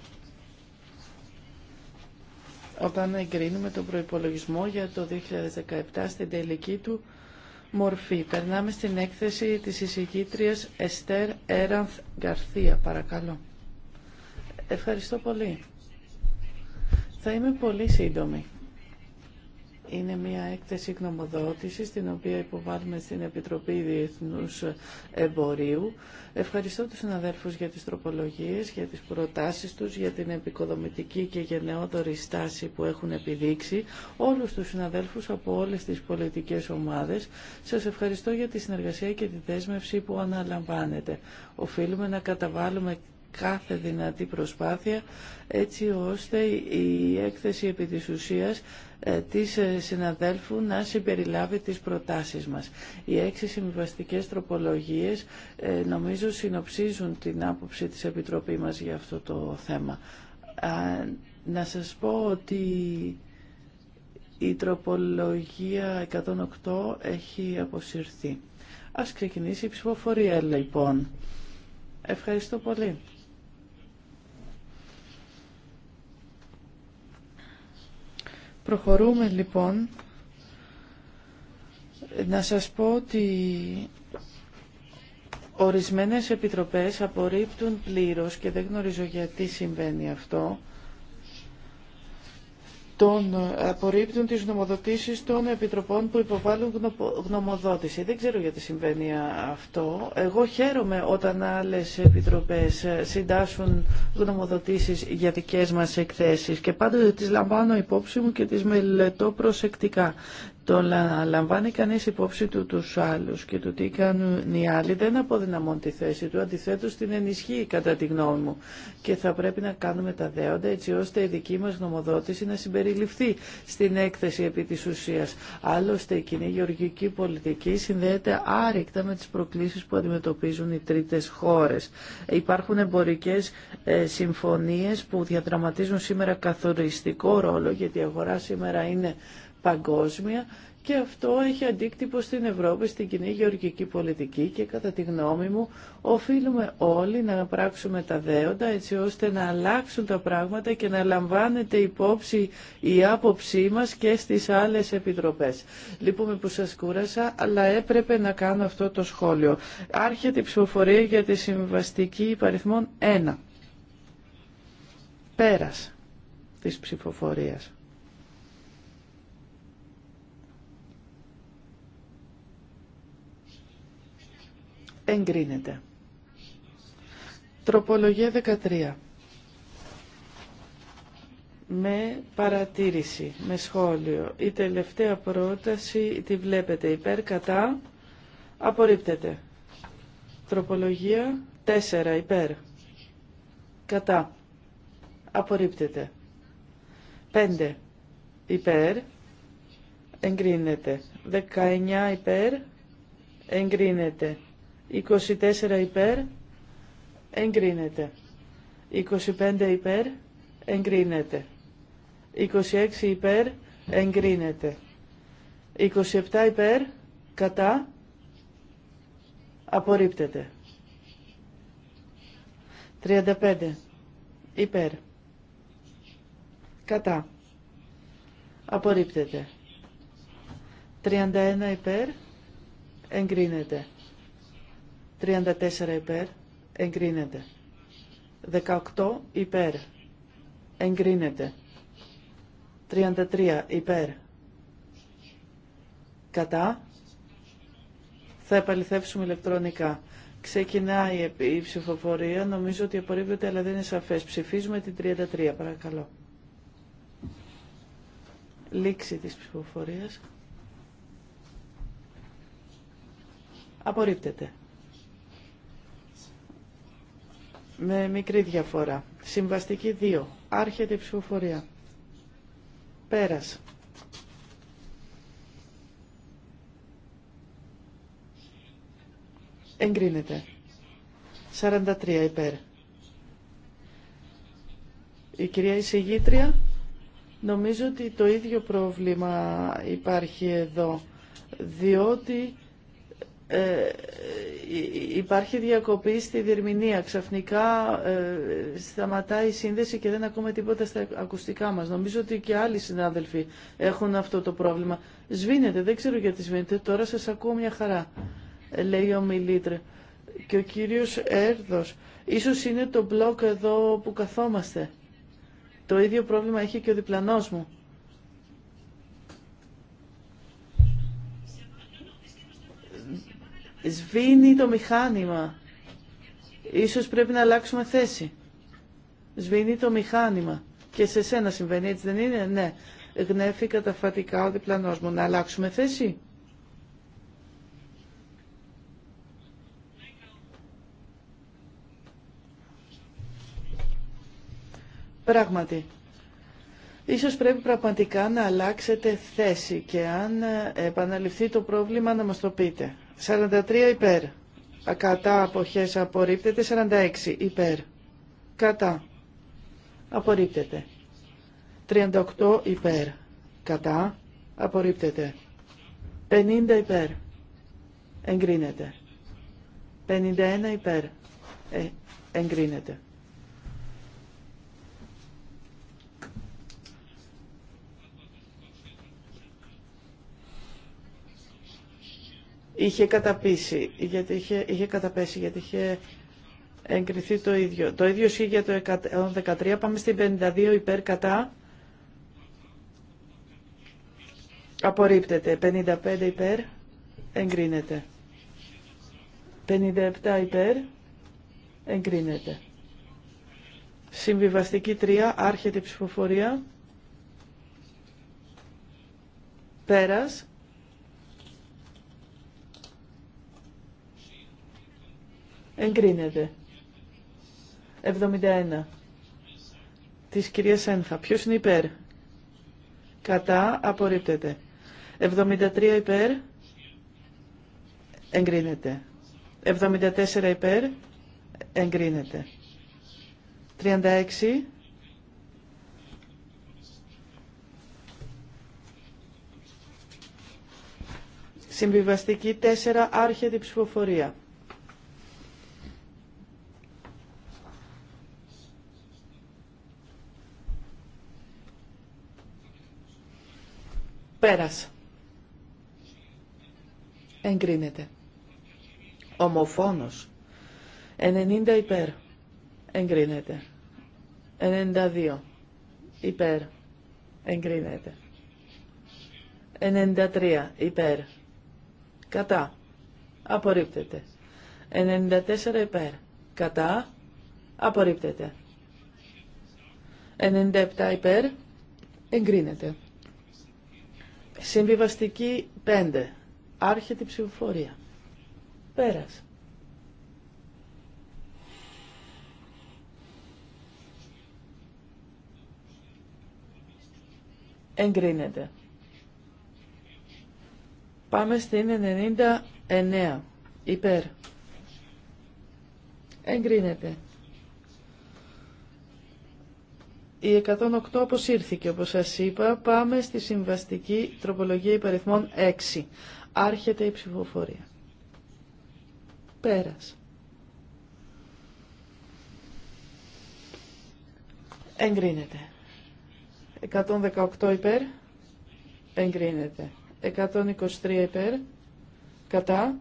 Όταν εγκρίνουμε τον προϋπολογισμό για το 2017 στην τελική του μορφή. Περνάμε στην έκθεση της εισηγήτριας Εστέρ Έρανθ Γκαρθία, παρακαλώ. Ευχαριστώ πολύ. Θα είμαι πολύ σύντομη. Είναι μια έκθεση γνωμοδότησης, την οποία υποβάλλουμε στην Επιτροπή Διεθνούς Εμπορίου. Ευχαριστώ τους συναδέλφους για τις τροπολογίες, για τις προτάσεις τους, για την επικοδομητική και γενναιότερη στάση που έχουν επιδείξει όλους τους συναδέλφους από όλες τις πολιτικές ομάδες. Σας ευχαριστώ για τη συνεργασία και τη δέσμευση που αναλαμβάνετε. Οφείλουμε να καταβάλουμε κάθε δυνατή προσπάθεια έτσι ώστε η έκθεση επί της ουσίας ε, της ε, συναδέλφου να συμπεριλάβει τις προτάσεις μας. Οι έξι συμβιβαστικές τροπολογίες ε, νομίζω συνοψίζουν την άποψη της Επιτροπή μας για αυτό το θέμα. Να σας πω ότι η τροπολογία 108 έχει αποσυρθεί. Ας ξεκινήσει η ψηφοφορία λοιπόν. Ευχαριστώ πολύ. Προχωρούμε λοιπόν. Να σας πω ότι ορισμένες επιτροπές απορρίπτουν πλήρως και δεν γνωρίζω γιατί συμβαίνει αυτό των, ε, απορρίπτουν τις γνωμοδοτήσεις των επιτροπών που υποβάλλουν γνωμοδότηση. Δεν ξέρω γιατί συμβαίνει αυτό. Εγώ χαίρομαι όταν άλλες επιτροπές ε, συντάσσουν γνωμοδοτήσεις για δικές μας εκθέσεις και πάντοτε τις λαμβάνω υπόψη μου και τις μελετώ προσεκτικά το να λαμβάνει κανείς υπόψη του τους άλλους και το τι κάνουν οι άλλοι δεν αποδυναμώνει τη θέση του, αντιθέτως την ενισχύει κατά τη γνώμη μου και θα πρέπει να κάνουμε τα δέοντα έτσι ώστε η δική μας γνωμοδότηση να συμπεριληφθεί στην έκθεση επί της ουσίας. Άλλωστε η κοινή γεωργική πολιτική συνδέεται άρρηκτα με τις προκλήσεις που αντιμετωπίζουν οι τρίτες χώρες. Υπάρχουν εμπορικές ε, συμφωνίες που διαδραματίζουν σήμερα καθοριστικό ρόλο γιατί η αγορά σήμερα είναι παγκόσμια και αυτό έχει αντίκτυπο στην Ευρώπη, στην κοινή γεωργική πολιτική και κατά τη γνώμη μου οφείλουμε όλοι να πράξουμε τα δέοντα έτσι ώστε να αλλάξουν τα πράγματα και να λαμβάνεται υπόψη η άποψή μας και στις άλλες επιτροπές. Λυπούμε που σας κούρασα, αλλά έπρεπε να κάνω αυτό το σχόλιο. Άρχεται η ψηφοφορία για τη συμβαστική υπαριθμών 1. Πέρας της ψηφοφορίας. εγκρίνεται. Τροπολογία 13. Με παρατήρηση, με σχόλιο. Η τελευταία πρόταση τη βλέπετε υπέρ, κατά, απορρίπτεται. Τροπολογία 4 υπέρ, κατά, απορρίπτεται. 5 υπέρ, εγκρίνεται. 19 υπέρ, εγκρίνεται. 24 υπέρ, εγκρίνεται. 25 υπέρ, εγκρίνεται. 26 υπέρ, εγκρίνεται. 27 υπέρ, κατά, απορρίπτεται. 35 υπέρ, κατά, απορρίπτεται. 31 υπέρ, εγκρίνεται. 34 υπέρ, εγκρίνεται. 18 υπέρ, εγκρίνεται. 33 υπέρ, κατά. Θα επαληθεύσουμε ηλεκτρονικά. Ξεκινάει η ψηφοφορία. Νομίζω ότι απορρίβεται, αλλά δεν είναι σαφές. Ψηφίζουμε την 33, παρακαλώ. Λήξη της ψηφοφορίας. Απορρίπτεται. με μικρή διαφορά. Συμβαστική 2. Άρχεται η ψηφοφορία. Πέρας. Εγκρίνεται. 43 υπέρ. Η κυρία εισηγήτρια, νομίζω ότι το ίδιο πρόβλημα υπάρχει εδώ, διότι ε, υπάρχει διακοπή στη διερμηνία. Ξαφνικά ε, σταματάει η σύνδεση και δεν ακούμε τίποτα στα ακουστικά μας. Νομίζω ότι και άλλοι συνάδελφοι έχουν αυτό το πρόβλημα. Σβήνεται, δεν ξέρω γιατί σβήνεται. Τώρα σας ακούω μια χαρά, λέει ο Μιλίτρε Και ο κύριος Έρδος, ίσως είναι το μπλοκ εδώ που καθόμαστε. Το ίδιο πρόβλημα έχει και ο διπλανός μου. Σβήνει το μηχάνημα. Ίσως πρέπει να αλλάξουμε θέση. Σβήνει το μηχάνημα. Και σε σένα συμβαίνει, έτσι δεν είναι, ναι. Γνέφει καταφατικά ο διπλανός μου. Να αλλάξουμε θέση. Πράγματι, Ίσως πρέπει πραγματικά να αλλάξετε θέση και αν επαναληφθεί το πρόβλημα να μας το πείτε. 43 υπέρ. Κατά αποχές απορρίπτεται. 46 υπέρ. Κατά. Απορρίπτεται. 38 υπέρ. Κατά. Απορρίπτεται. 50 υπέρ. Εγκρίνεται. 51 υπέρ. Ε, εγκρίνεται. είχε καταπίσει, γιατί είχε, είχε καταπέσει, γιατί είχε εγκριθεί το ίδιο. Το ίδιο ισχύει για το 113, πάμε στην 52 υπέρ κατά. Απορρίπτεται. 55 υπέρ. Εγκρίνεται. 57 υπέρ. Εγκρίνεται. Συμβιβαστική 3. Άρχεται η ψηφοφορία. Πέρας. εγκρίνεται. 71 της κυρίας Ένθα. Ποιος είναι υπέρ. Κατά απορρίπτεται. 73 υπέρ εγκρίνεται. 74 υπέρ εγκρίνεται. 36 Συμβιβαστική 4 άρχεται ψηφοφορία. Πέρας. Εγκρίνεται. Ομοφόνος. 90 υπέρ. Εγκρίνεται. 92 υπέρ. Εγκρίνεται. 93 υπέρ. Κατά. Απορρίπτεται. 94 υπέρ. Κατά. Απορρίπτεται. 97 υπέρ. Εγκρίνεται. Συμβιβαστική 5. Άρχεται η ψηφοφορία. Πέρας. Εγκρίνεται. Πάμε στην 99. Υπέρ. Εγκρίνεται. Η 108 και όπως σας είπα. Πάμε στη συμβαστική τροπολογία υπαριθμών 6. Άρχεται η ψηφοφορία. Πέρας. Εγκρίνεται. 118 υπέρ. Εγκρίνεται. 123 υπέρ. Κατά.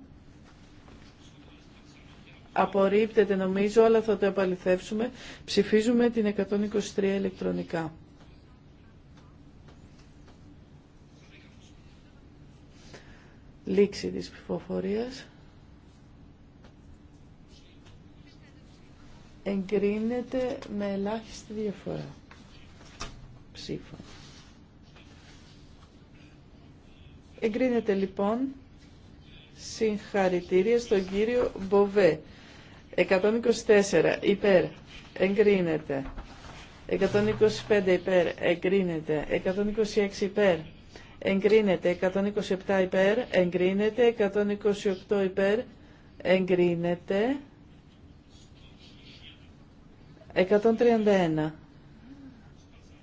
Απορρίπτεται νομίζω, αλλά θα το επαληθεύσουμε. Ψηφίζουμε την 123 ηλεκτρονικά. Λήξη της ψηφοφορίας. Εγκρίνεται με ελάχιστη διαφορά Ψήφα. Εγκρίνεται λοιπόν συγχαρητήρια στον κύριο Μποβέ. 124 υπέρ εγκρίνεται. 125 υπέρ εγκρίνεται. 126 υπέρ εγκρίνεται. 127 υπέρ εγκρίνεται. 128 υπέρ εγκρίνεται. 131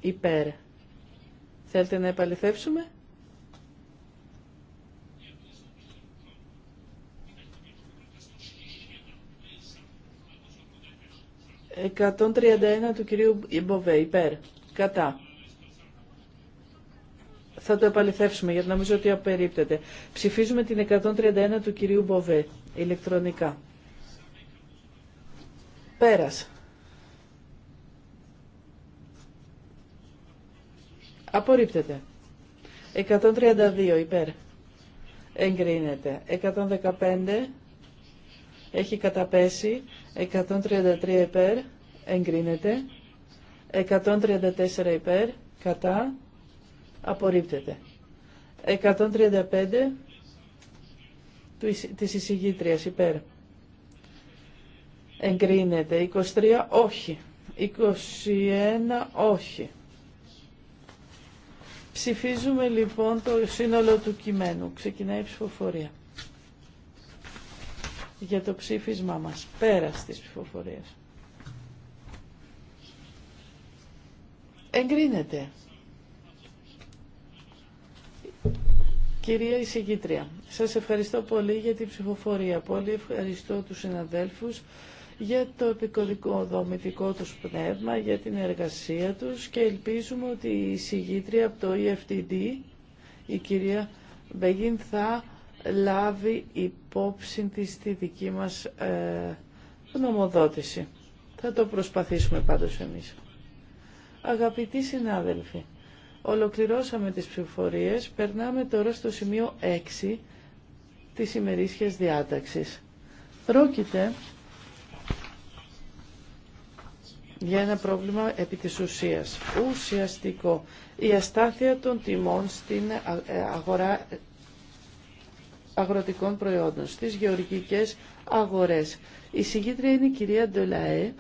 υπέρ. Θέλετε να επαληθεύσουμε. 131 του κυρίου Μποβέ, υπέρ, κατά. Θα το επαληθεύσουμε γιατί νομίζω ότι απερίπτεται. Ψηφίζουμε την 131 του κυρίου Μποβέ, ηλεκτρονικά. Πέρας. Απορρίπτεται. 132 υπέρ. Εγκρίνεται. 115 έχει καταπέσει 133 υπέρ εγκρίνεται 134 υπέρ κατά απορρίπτεται 135 της εισηγήτριας υπέρ εγκρίνεται 23 όχι 21 όχι Ψηφίζουμε λοιπόν το σύνολο του κειμένου. Ξεκινάει η ψηφοφορία για το ψήφισμά μας, πέρας της ψηφοφορίας. Εγκρίνεται. Κυρία Ισηγήτρια, σας ευχαριστώ πολύ για την ψηφοφορία. Πολύ ευχαριστώ τους συναδέλφους για το επικοδικό δομητικό τους πνεύμα, για την εργασία τους και ελπίζουμε ότι η Ισηγήτρια από το EFTD, η κυρία Μπεγίν, θα λάβει υπόψη της στη δική μας ε, νομοδότηση. Θα το προσπαθήσουμε πάντως εμείς. Αγαπητοί συνάδελφοι, ολοκληρώσαμε τις ψηφοφορίες. Περνάμε τώρα στο σημείο 6 της ημερήσιας διάταξης. Πρόκειται για ένα πρόβλημα επί της ουσίας. Ουσιαστικό. Η αστάθεια των τιμών στην ε, αγορά αγροτικών προϊόντων στις γεωργικές αγορές. Η συγγήτρια είναι η κυρία Ντελαέ.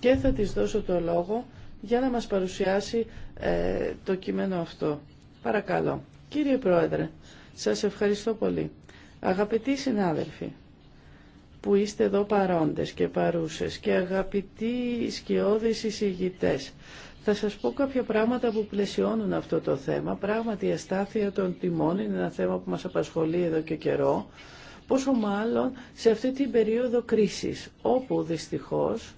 Και θα της δώσω το λόγο για να μας παρουσιάσει ε, το κείμενο αυτό. Παρακαλώ. Κύριε Πρόεδρε, σας ευχαριστώ πολύ. Αγαπητοί συνάδελφοι που είστε εδώ παρόντες και παρούσες και αγαπητοί σκιώδεις εισηγητές, θα σας πω κάποια πράγματα που πλαισιώνουν αυτό το θέμα. Πράγματι, η αστάθεια των τιμών είναι ένα θέμα που μας απασχολεί εδώ και καιρό. Πόσο μάλλον σε αυτή την περίοδο κρίσης, όπου δυστυχώς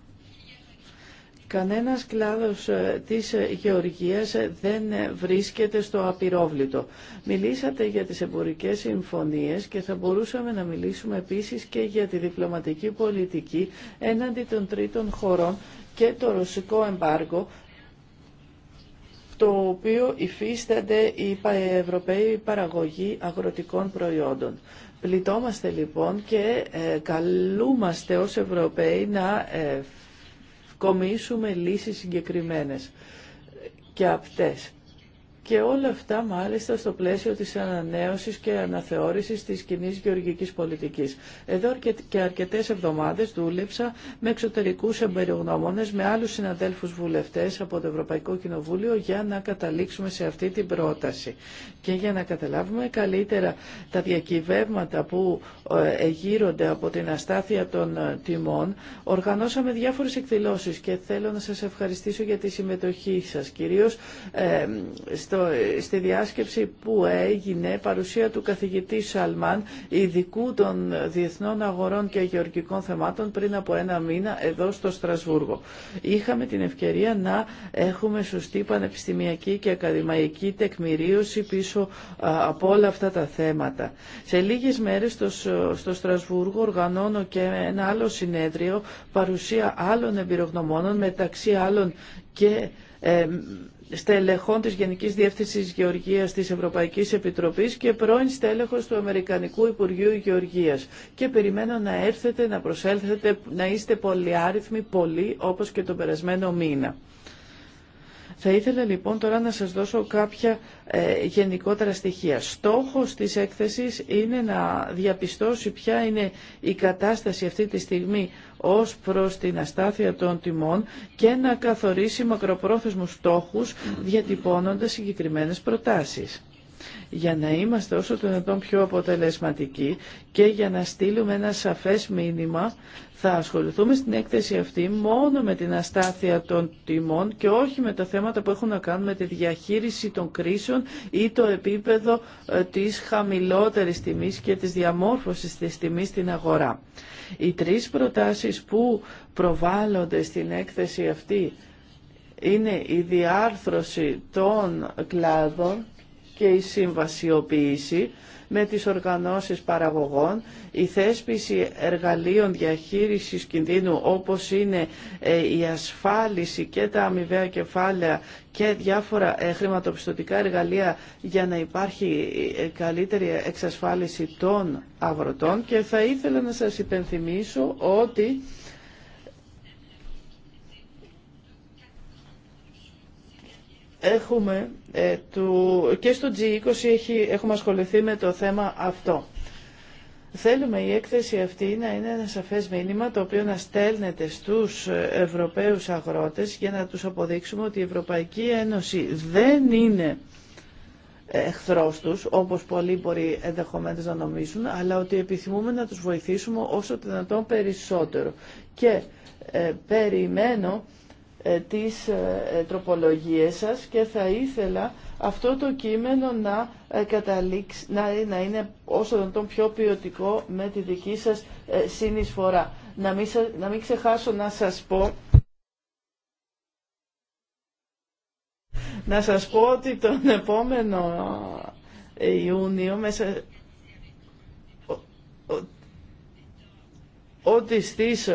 κανένας κλάδος ε, της ε, γεωργίας ε, δεν βρίσκεται στο απειρόβλητο. Μιλήσατε για τις εμπορικές συμφωνίες και θα μπορούσαμε να μιλήσουμε επίσης και για τη διπλωματική πολιτική έναντι των τρίτων χωρών και το ρωσικό εμπάργο το οποίο υφίστανται οι Ευρωπαίοι παραγωγοί αγροτικών προϊόντων. Πληττόμαστε λοιπόν και ε, καλούμαστε ως Ευρωπαίοι να ε, κομίσουμε λύσεις συγκεκριμένες και αυτές. Και όλα αυτά μάλιστα στο πλαίσιο της ανανέωσης και αναθεώρησης της κοινή γεωργικής πολιτικής. Εδώ και αρκετές εβδομάδες δούλεψα με εξωτερικούς εμπειρογνώμονες, με άλλους συναδέλφους βουλευτές από το Ευρωπαϊκό Κοινοβούλιο για να καταλήξουμε σε αυτή την πρόταση και για να καταλάβουμε καλύτερα τα διακυβεύματα που ε, εγείρονται από την αστάθεια των ε, τιμών. Οργανώσαμε διάφορες εκδηλώσεις και θέλω να σας ευχαριστήσω για τη συμμετοχή σας, ε, στη διάσκεψη που έγινε παρουσία του καθηγητή Σαλμάν, ειδικού των διεθνών αγορών και γεωργικών θεμάτων πριν από ένα μήνα εδώ στο Στρασβούργο. Είχαμε την ευκαιρία να έχουμε σωστή πανεπιστημιακή και ακαδημαϊκή τεκμηρίωση πίσω από όλα αυτά τα θέματα. Σε λίγες μέρες στο, στο Στρασβούργο οργανώνω και ένα άλλο συνέδριο παρουσία άλλων εμπειρογνωμόνων μεταξύ άλλων και στελεχών της Γενικής Διεύθυνσης Γεωργίας της Ευρωπαϊκής Επιτροπής και πρώην στέλεχος του Αμερικανικού Υπουργείου Γεωργίας. Και περιμένω να έρθετε, να προσέλθετε, να είστε πολυάριθμοι, πολλοί, όπως και τον περασμένο μήνα. Θα ήθελα λοιπόν τώρα να σας δώσω κάποια ε, γενικότερα στοιχεία. Στόχος της έκθεσης είναι να διαπιστώσει ποια είναι η κατάσταση αυτή τη στιγμή ως προς την αστάθεια των τιμών και να καθορίσει μακροπρόθεσμους στόχους διατυπώνοντας συγκεκριμένες προτάσεις για να είμαστε όσο το δυνατόν πιο αποτελεσματικοί και για να στείλουμε ένα σαφές μήνυμα θα ασχοληθούμε στην έκθεση αυτή μόνο με την αστάθεια των τιμών και όχι με τα θέματα που έχουν να κάνουν με τη διαχείριση των κρίσεων ή το επίπεδο ε, της χαμηλότερης τιμής και της διαμόρφωσης της τιμής στην αγορά. Οι τρεις προτάσεις που προβάλλονται στην έκθεση αυτή είναι η διάρθρωση των κλάδων και η συμβασιοποίηση με τις οργανώσεις παραγωγών, η θέσπιση εργαλείων διαχείρισης κινδύνου όπως είναι ε, η ασφάλιση και τα αμοιβαία κεφάλαια και διάφορα ε, χρηματοπιστωτικά εργαλεία για να υπάρχει ε, καλύτερη εξασφάλιση των αγροτών και θα ήθελα να σας υπενθυμίσω ότι έχουμε ε, και στο G20 έχει, έχουμε ασχοληθεί με το θέμα αυτό. Θέλουμε η έκθεση αυτή να είναι ένα σαφές μήνυμα το οποίο να στέλνεται στους Ευρωπαίους αγρότες για να τους αποδείξουμε ότι η Ευρωπαϊκή Ένωση δεν είναι εχθρός τους, όπως πολλοί μπορεί ενδεχομένως να νομίζουν, αλλά ότι επιθυμούμε να τους βοηθήσουμε όσο δυνατόν περισσότερο. Και ε, περιμένω ε, τις ε, ε, τροπολογίες σας και θα ήθελα αυτό το κείμενο να, καταλήξει, να, να είναι όσο τον πιο ποιοτικό με τη δική σας συνεισφορά. Να μην, να μην ξεχάσω να σας πω Να σας πω ότι τον επόμενο Ιούνιο μέσα ότι στις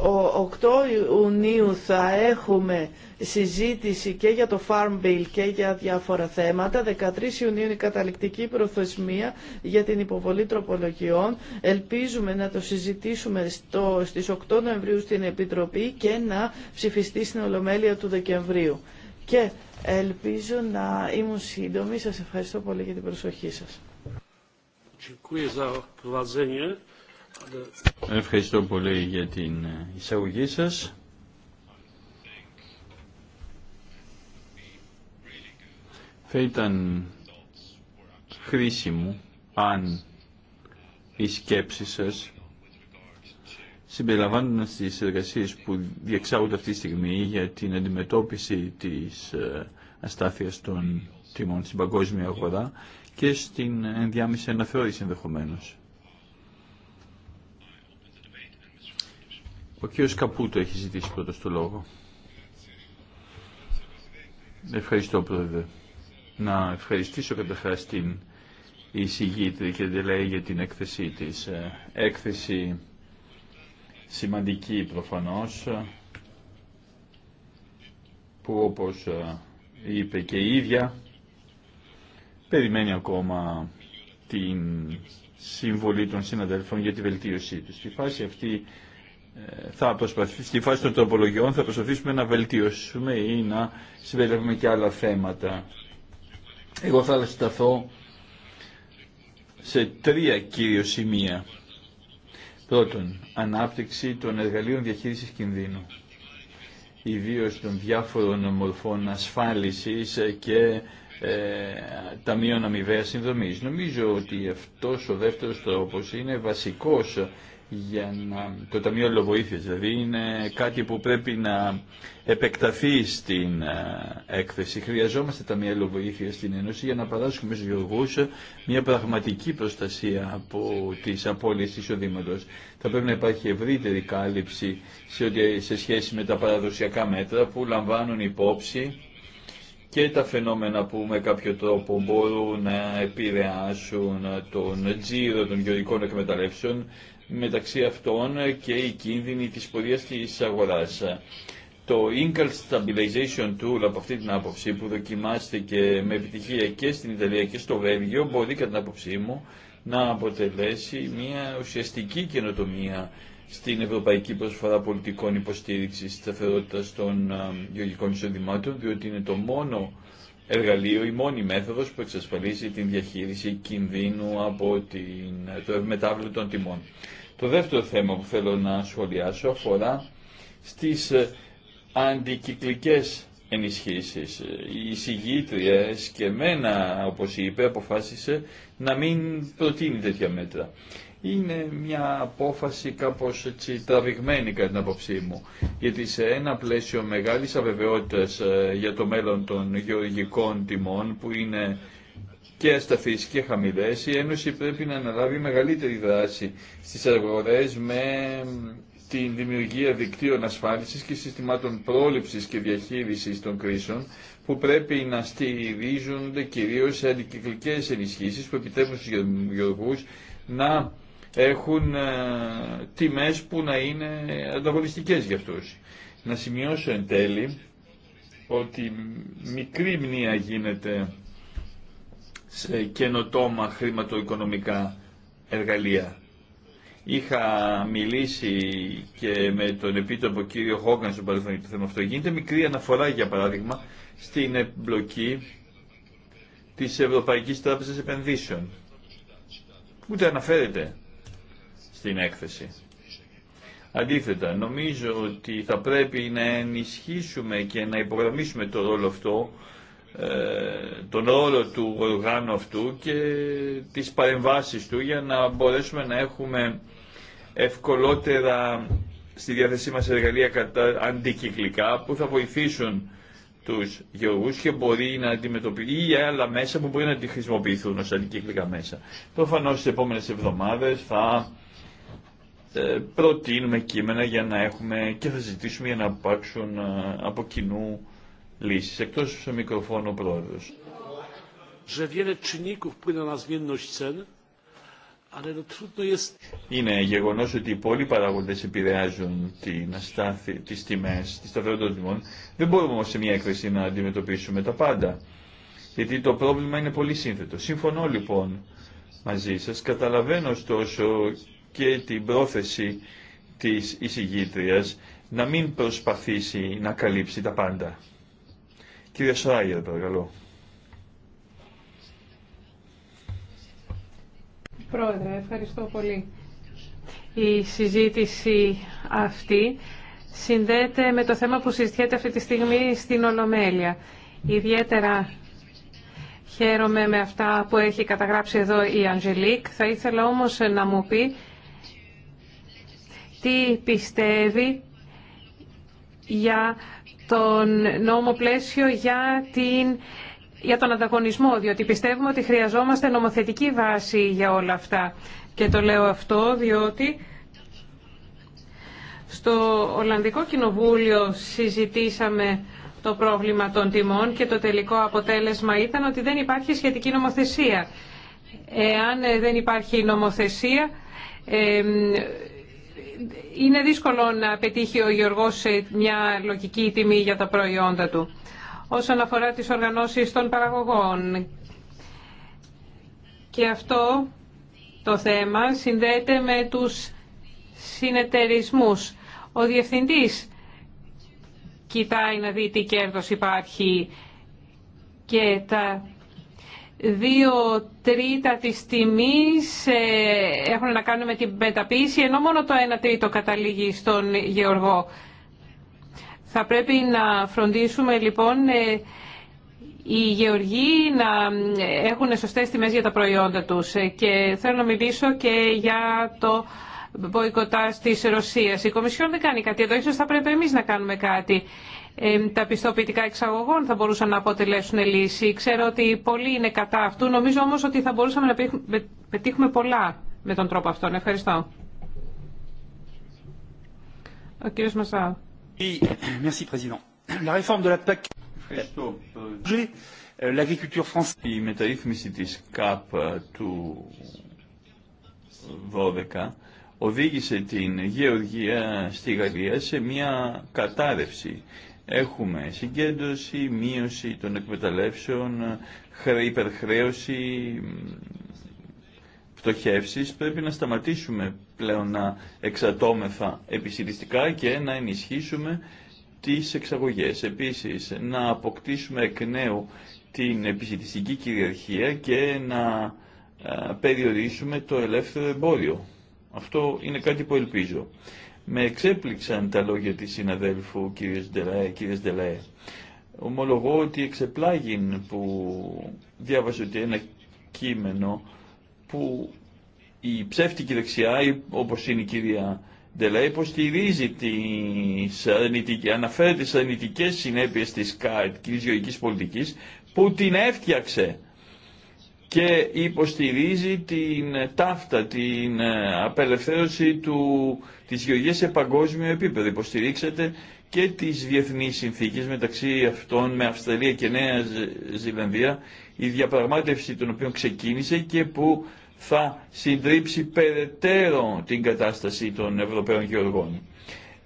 ο 8 Ιουνίου θα έχουμε συζήτηση και για το Farm Bill και για διάφορα θέματα. 13 Ιουνίου είναι η καταληκτική προθεσμία για την υποβολή τροπολογιών. Ελπίζουμε να το συζητήσουμε στο, στις 8 Νοεμβρίου στην Επιτροπή και να ψηφιστεί στην Ολομέλεια του Δεκεμβρίου. Και ελπίζω να ήμουν σύντομη. Σας ευχαριστώ πολύ για την προσοχή σας. Ευχαριστώ πολύ για την ε, εισαγωγή σας. Θα ήταν χρήσιμο αν οι σκέψεις σας συμπεριλαμβάνονται στις εργασίε που διεξάγονται αυτή τη στιγμή για την αντιμετώπιση της ε, αστάθειας των τιμών στην παγκόσμια αγορά και στην ενδιάμεση αναθεώρηση ενδεχομένω. Ο κύριος Καπούτο έχει ζητήσει πρώτο το λόγο. Ευχαριστώ πρόεδρε. Να ευχαριστήσω καταρχά την εισηγήτρια και λέει για την έκθεσή της. Ε, έκθεση σημαντική προφανώς που όπως ε, είπε και η ίδια περιμένει ακόμα την συμβολή των συναδέλφων για τη βελτίωσή τους. Στη φάση αυτή ε, θα προσπαθήσουμε, στη φάση των τροπολογιών θα προσπαθήσουμε να βελτιώσουμε ή να συμπεριλάβουμε και άλλα θέματα. Εγώ θα σταθώ σε τρία κύριο σημεία. Πρώτον, ανάπτυξη των εργαλείων διαχείρισης κινδύνου, ιδίω των διάφορων μορφών ασφάλισης και ε, ταμείων αμοιβαία συνδρομής. Νομίζω ότι αυτός ο δεύτερος τρόπος είναι βασικός για να, το Ταμείο Λοβοήθειας Δηλαδή είναι κάτι που πρέπει να επεκταθεί στην ε, έκθεση. Χρειαζόμαστε Ταμείο Λοβοήθειας στην Ένωση για να παράσχουμε στους γεωργούς μια πραγματική προστασία από τις απώλειες εισοδήματο. Θα πρέπει να υπάρχει ευρύτερη κάλυψη σε, σε σχέση με τα παραδοσιακά μέτρα που λαμβάνουν υπόψη και τα φαινόμενα που με κάποιο τρόπο μπορούν να επηρεάσουν τον τζίρο των γεωργικών εκμεταλλεύσεων μεταξύ αυτών και οι κίνδυνοι της πορείας της αγοράς. Το Incal Stabilization Tool από αυτή την άποψη που δοκιμάστηκε με επιτυχία και στην Ιταλία και στο Βέλγιο μπορεί κατά την άποψή μου να αποτελέσει μια ουσιαστική καινοτομία στην ευρωπαϊκή προσφορά πολιτικών υποστήριξης σταθερότητας των ε, γεωργικών εισοδημάτων, διότι είναι το μόνο εργαλείο, η μόνη μέθοδος που εξασφαλίζει την διαχείριση κινδύνου από την, το ευμετάβλητο των τιμών. Το δεύτερο θέμα που θέλω να σχολιάσω αφορά στις ε, αντικυκλικές ενισχύσεις. Η συγγήτρια και εμένα, όπως είπε, αποφάσισε να μην προτείνει τέτοια μέτρα είναι μια απόφαση κάπως έτσι τραβηγμένη κατά την απόψή μου. Γιατί σε ένα πλαίσιο μεγάλης αβεβαιότητας ε, για το μέλλον των γεωργικών τιμών που είναι και ασταθείς και χαμηλές, η Ένωση πρέπει να αναλάβει μεγαλύτερη δράση στις αγορές με την δημιουργία δικτύων ασφάλισης και συστημάτων πρόληψης και διαχείρισης των κρίσεων που πρέπει να στηρίζονται κυρίως σε αντικυκλικές ενισχύσεις που επιτρέπουν στους γεωργούς να έχουν ε, τιμές που να είναι ανταγωνιστικές για αυτούς. Να σημειώσω εν τέλει ότι μικρή μνήα γίνεται σε καινοτόμα χρηματοοικονομικά εργαλεία. Είχα μιλήσει και με τον επίτροπο κύριο Χόγκαν στο παρελθόν για το θέμα αυτό. Γίνεται μικρή αναφορά, για παράδειγμα, στην εμπλοκή της Ευρωπαϊκής Τράπεζας Επενδύσεων. Ούτε αναφέρεται στην έκθεση. Αντίθετα, νομίζω ότι θα πρέπει να ενισχύσουμε και να υπογραμμίσουμε το ρόλο αυτό, ε, τον ρόλο του οργάνου αυτού και τις παρεμβάσεις του για να μπορέσουμε να έχουμε ευκολότερα στη διάθεσή μας εργαλεία κατά αντικυκλικά που θα βοηθήσουν τους γεωργούς και μπορεί να αντιμετωπίσει ή άλλα μέσα που μπορεί να τη χρησιμοποιηθούν ως αντικυκλικά μέσα. Προφανώς στις επόμενες εβδομάδες θα ε, προτείνουμε κείμενα για να έχουμε και θα ζητήσουμε για να υπάρξουν ε, από κοινού λύσεις. Εκτός στο μικροφόνο πρόεδρος. Είναι γεγονό ότι οι πολλοί παράγοντε επηρεάζουν την αστάθη, τις τιμές, τη σταθερότητα των τιμών. Δεν μπορούμε όμω σε μια έκθεση να αντιμετωπίσουμε τα πάντα. Γιατί το πρόβλημα είναι πολύ σύνθετο. Συμφωνώ λοιπόν μαζί σας. Καταλαβαίνω ωστόσο και την πρόθεση της εισηγήτριας να μην προσπαθήσει να καλύψει τα πάντα. Κύριε Σράγερ, παρακαλώ. Πρόεδρε, ευχαριστώ πολύ. Η συζήτηση αυτή συνδέεται με το θέμα που συζητιέται αυτή τη στιγμή στην Ολομέλεια. Ιδιαίτερα χαίρομαι με αυτά που έχει καταγράψει εδώ η Αντζελίκ. Θα ήθελα όμως να μου πει τι πιστεύει για τον νόμο πλαίσιο για, την, για τον ανταγωνισμό, διότι πιστεύουμε ότι χρειαζόμαστε νομοθετική βάση για όλα αυτά. Και το λέω αυτό διότι στο Ολλανδικό Κοινοβούλιο συζητήσαμε το πρόβλημα των τιμών και το τελικό αποτέλεσμα ήταν ότι δεν υπάρχει σχετική νομοθεσία. Εάν δεν υπάρχει νομοθεσία, είναι δύσκολο να πετύχει ο σε μια λογική τιμή για τα προϊόντα του. Όσον αφορά τις οργανώσεις των παραγωγών. Και αυτό το θέμα συνδέεται με τους συνεταιρισμούς. Ο διευθυντής κοιτάει να δει τι κέρδος υπάρχει και τα δύο τρίτα της τιμής ε, έχουν να κάνουν με την μεταποίηση, ενώ μόνο το ένα τρίτο καταλήγει στον γεωργό. Θα πρέπει να φροντίσουμε λοιπόν ε, οι γεωργοί να έχουν σωστές τιμές για τα προϊόντα τους. Ε, και θέλω να μιλήσω και για το μποϊκοτάς της Ρωσίας. Η Κομισιόν δεν κάνει κάτι εδώ, ίσως θα πρέπει εμείς να κάνουμε κάτι τα πιστοποιητικά εξαγωγών θα μπορούσαν να αποτελέσουν λύση. Ξέρω ότι πολλοί είναι κατά αυτού. Νομίζω όμως ότι θα μπορούσαμε να πετύχουμε πολλά με τον τρόπο αυτόν. Ευχαριστώ. Ο κύριος Μασάου. Euh, Η μεταρρύθμιση της ΚΑΠ ε, του 12 οδήγησε την γεωργία στη Γαλλία σε μια κατάρρευση. Έχουμε συγκέντρωση, μείωση των εκμεταλλεύσεων, υπερχρέωση, πτωχεύσεις. Πρέπει να σταματήσουμε πλέον να εξατόμεθα επισυριστικά και να ενισχύσουμε τις εξαγωγές. Επίσης, να αποκτήσουμε εκ νέου την επισητιστική κυριαρχία και να ε, περιορίσουμε το ελεύθερο εμπόριο. Αυτό είναι κάτι που ελπίζω. Με εξέπληξαν τα λόγια της συναδέλφου κύριε Ντελαέ. Ομολογώ ότι εξεπλάγιν που διάβασε ότι ένα κείμενο που η ψεύτικη δεξιά, όπως είναι η κυρία Ντελαέ, υποστηρίζει τις αρνητικές, αναφέρει τις αρνητικές συνέπειες της ΚΑΡΤ, της γεωργικής πολιτικής, που την έφτιαξε και υποστηρίζει την ταύτα, την ε, απελευθέρωση του, της γεωργίας σε παγκόσμιο επίπεδο. Υποστηρίξατε και τις διεθνείς συνθήκες μεταξύ αυτών με Αυστραλία και Νέα Ζηλανδία, η διαπραγμάτευση των οποίων ξεκίνησε και που θα συντρίψει περαιτέρω την κατάσταση των Ευρωπαίων Γεωργών.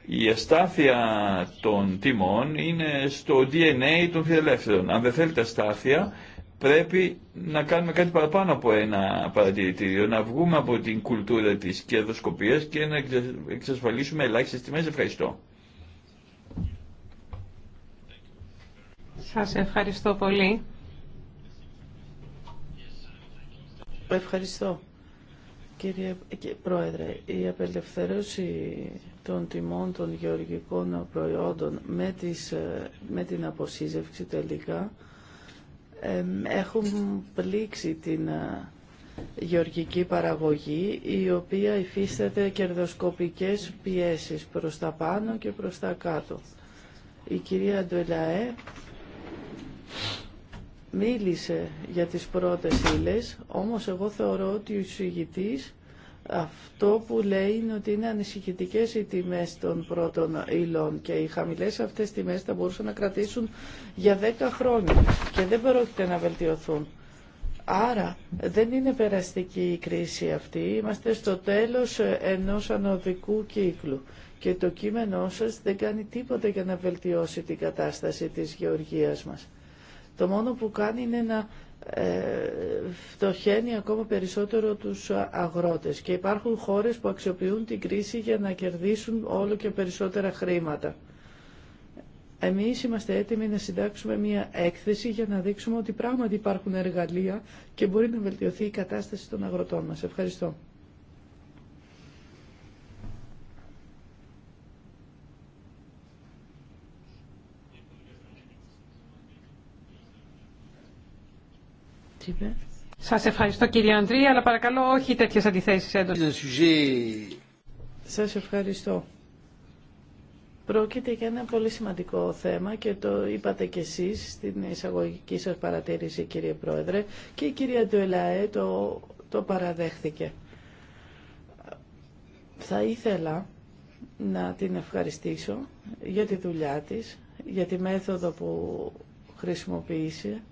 Η αστάθεια των τιμών είναι στο DNA των φιλελεύθερων. Αν δεν θέλετε αστάθεια, πρέπει να κάνουμε κάτι παραπάνω από ένα παρατηρητήριο, να βγούμε από την κουλτούρα της κερδοσκοπίας και να εξασφαλίσουμε ελάχιστες τιμές. Ευχαριστώ. Σας ευχαριστώ πολύ. Ευχαριστώ. Κύριε Πρόεδρε, η απελευθέρωση των τιμών των γεωργικών προϊόντων με, ε, με την αποσύζευξη τελικά έχουν πλήξει την γεωργική παραγωγή η οποία υφίσταται κερδοσκοπικές πιέσεις προς τα πάνω και προς τα κάτω. Η κυρία Ντουελαέ μίλησε για τις πρώτες ύλες, όμως εγώ θεωρώ ότι ο εισηγητής αυτό που λέει είναι ότι είναι ανησυχητικέ οι τιμέ των πρώτων υλών και οι χαμηλέ αυτέ τιμέ θα μπορούσαν να κρατήσουν για 10 χρόνια και δεν πρόκειται να βελτιωθούν. Άρα δεν είναι περαστική η κρίση αυτή, είμαστε στο τέλος ενός ανωδικού κύκλου και το κείμενό σας δεν κάνει τίποτα για να βελτιώσει την κατάσταση της γεωργίας μας. Το μόνο που κάνει είναι να ε, φτωχαίνει ακόμα περισσότερο τους αγρότες και υπάρχουν χώρες που αξιοποιούν την κρίση για να κερδίσουν όλο και περισσότερα χρήματα. Εμείς είμαστε έτοιμοι να συντάξουμε μια έκθεση για να δείξουμε ότι πράγματι υπάρχουν εργαλεία και μπορεί να βελτιωθεί η κατάσταση των αγροτών μας. Ευχαριστώ. Σας ευχαριστώ κύριε Αντρία, αλλά παρακαλώ όχι τέτοιες αντιθέσεις έντονες. Σας ευχαριστώ. Πρόκειται για ένα πολύ σημαντικό θέμα και το είπατε και εσείς στην εισαγωγική σας παρατήρηση κύριε Πρόεδρε και η κυρία Ντουελαέ το, το παραδέχθηκε. Θα ήθελα να την ευχαριστήσω για τη δουλειά της, για τη μέθοδο που χρησιμοποίησε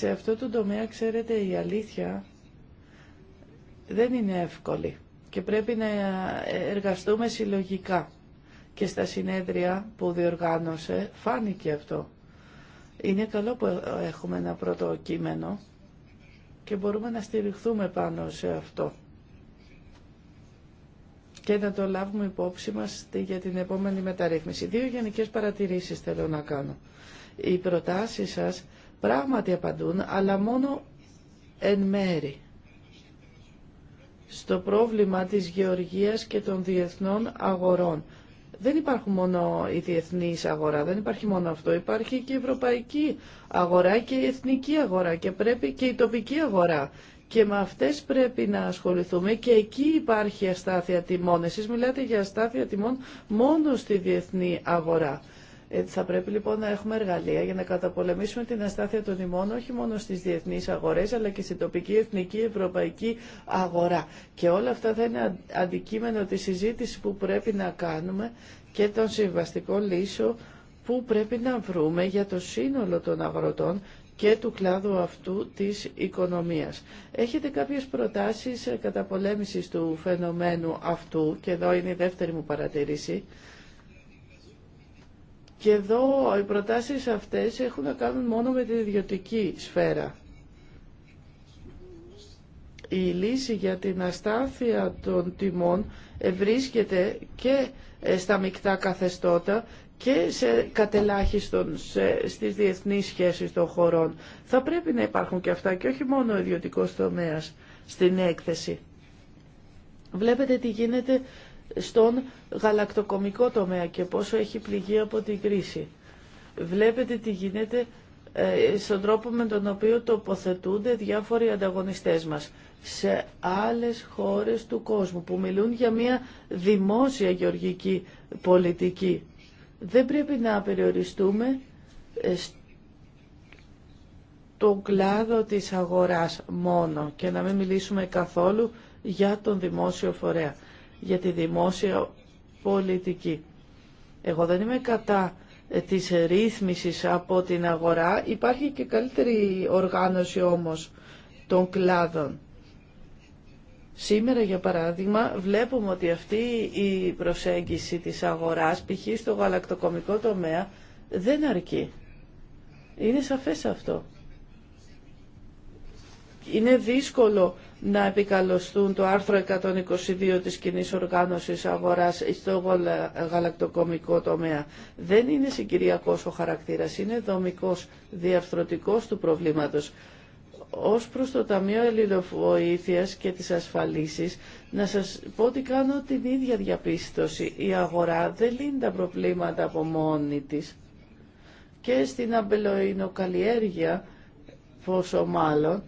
Σε αυτό το τομέα, ξέρετε, η αλήθεια δεν είναι εύκολη και πρέπει να εργαστούμε συλλογικά. Και στα συνέδρια που διοργάνωσε φάνηκε αυτό. Είναι καλό που έχουμε ένα πρώτο κείμενο και μπορούμε να στηριχθούμε πάνω σε αυτό και να το λάβουμε υπόψη μας για την επόμενη μεταρρύθμιση. Δύο γενικές παρατηρήσεις θέλω να κάνω. Οι προτάσεις σας Πράγματι απαντούν, αλλά μόνο εν μέρη στο πρόβλημα της γεωργίας και των διεθνών αγορών. Δεν υπάρχουν μόνο οι διεθνής αγορά, δεν υπάρχει μόνο αυτό. Υπάρχει και η ευρωπαϊκή αγορά και η εθνική αγορά και πρέπει και η τοπική αγορά. Και με αυτές πρέπει να ασχοληθούμε και εκεί υπάρχει αστάθεια τιμών. Εσείς μιλάτε για αστάθεια τιμών μόνο στη διεθνή αγορά. Ε, θα πρέπει λοιπόν να έχουμε εργαλεία για να καταπολεμήσουμε την αστάθεια των ημών όχι μόνο στι διεθνεί αγορέ αλλά και στην τοπική, εθνική, ευρωπαϊκή αγορά. Και όλα αυτά θα είναι αντικείμενο τη συζήτηση που πρέπει να κάνουμε και των συμβαστικών λύσεων που πρέπει να βρούμε για το σύνολο των αγροτών και του κλάδου αυτού της οικονομίας. Έχετε κάποιες προτάσεις καταπολέμησης του φαινομένου αυτού και εδώ είναι η δεύτερη μου παρατηρήση. Και εδώ οι προτάσεις αυτές έχουν να κάνουν μόνο με την ιδιωτική σφαίρα. Η λύση για την αστάθεια των τιμών βρίσκεται και ε, στα μεικτά καθεστώτα και σε κατελάχιστον σε, στις διεθνείς σχέσεις των χωρών. Θα πρέπει να υπάρχουν και αυτά και όχι μόνο ο ιδιωτικός τομέας στην έκθεση. Βλέπετε τι γίνεται στον γαλακτοκομικό τομέα και πόσο έχει πληγεί από την κρίση. Βλέπετε τι γίνεται ε, στον τρόπο με τον οποίο τοποθετούνται διάφοροι ανταγωνιστές μας σε άλλες χώρες του κόσμου που μιλούν για μια δημόσια γεωργική πολιτική. Δεν πρέπει να περιοριστούμε ε, στον κλάδο της αγοράς μόνο και να μην μιλήσουμε καθόλου για τον δημόσιο φορέα για τη δημόσια πολιτική. Εγώ δεν είμαι κατά ε, της ρύθμισης από την αγορά. Υπάρχει και καλύτερη οργάνωση όμως των κλάδων. Σήμερα, για παράδειγμα, βλέπουμε ότι αυτή η προσέγγιση της αγοράς, π.χ. στο γαλακτοκομικό τομέα, δεν αρκεί. Είναι σαφές αυτό είναι δύσκολο να επικαλωστούν το άρθρο 122 της κοινή οργάνωσης αγοράς στο γαλακτοκομικό τομέα. Δεν είναι συγκυριακός ο χαρακτήρας, είναι δομικός, διαρθρωτικός του προβλήματος. Ως προς το Ταμείο Ελληνοβοήθειας και τις ασφαλίσεις, να σας πω ότι κάνω την ίδια διαπίστωση. Η αγορά δεν λύνει τα προβλήματα από μόνη της. Και στην αμπελοϊνοκαλλιέργεια, πόσο μάλλον,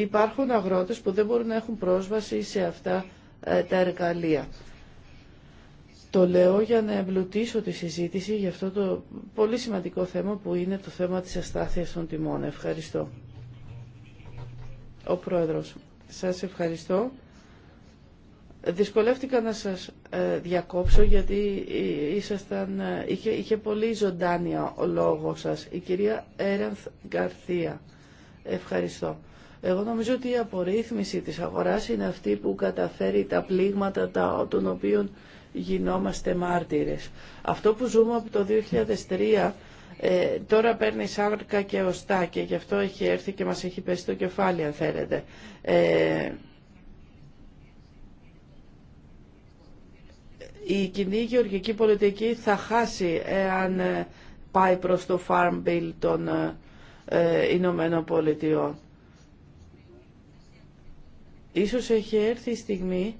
υπάρχουν αγρότες που δεν μπορούν να έχουν πρόσβαση σε αυτά ε, τα εργαλεία. Το λέω για να εμπλουτίσω τη συζήτηση για αυτό το πολύ σημαντικό θέμα που είναι το θέμα της αστάθειας των τιμών. Ευχαριστώ. Ο Πρόεδρος, σας ευχαριστώ. Δυσκολεύτηκα να σας ε, διακόψω γιατί ήσασταν, ε, είχε, είχε πολύ ζωντάνια ο λόγος σας. Η κυρία Έρανθ Γκαρθία. Ευχαριστώ. Εγώ νομίζω ότι η απορρίθμιση της αγοράς είναι αυτή που καταφέρει τα πλήγματα τα, των οποίων γινόμαστε μάρτυρες. Αυτό που ζούμε από το 2003 ε, τώρα παίρνει σάρκα και οστά και γι' αυτό έχει έρθει και μας έχει πέσει το κεφάλι αν θέλετε. Ε, η κοινή γεωργική πολιτική θα χάσει εάν ε, πάει προς το Farm Bill των ε, Ηνωμένων Πολιτειών. Ίσως έχει έρθει η στιγμή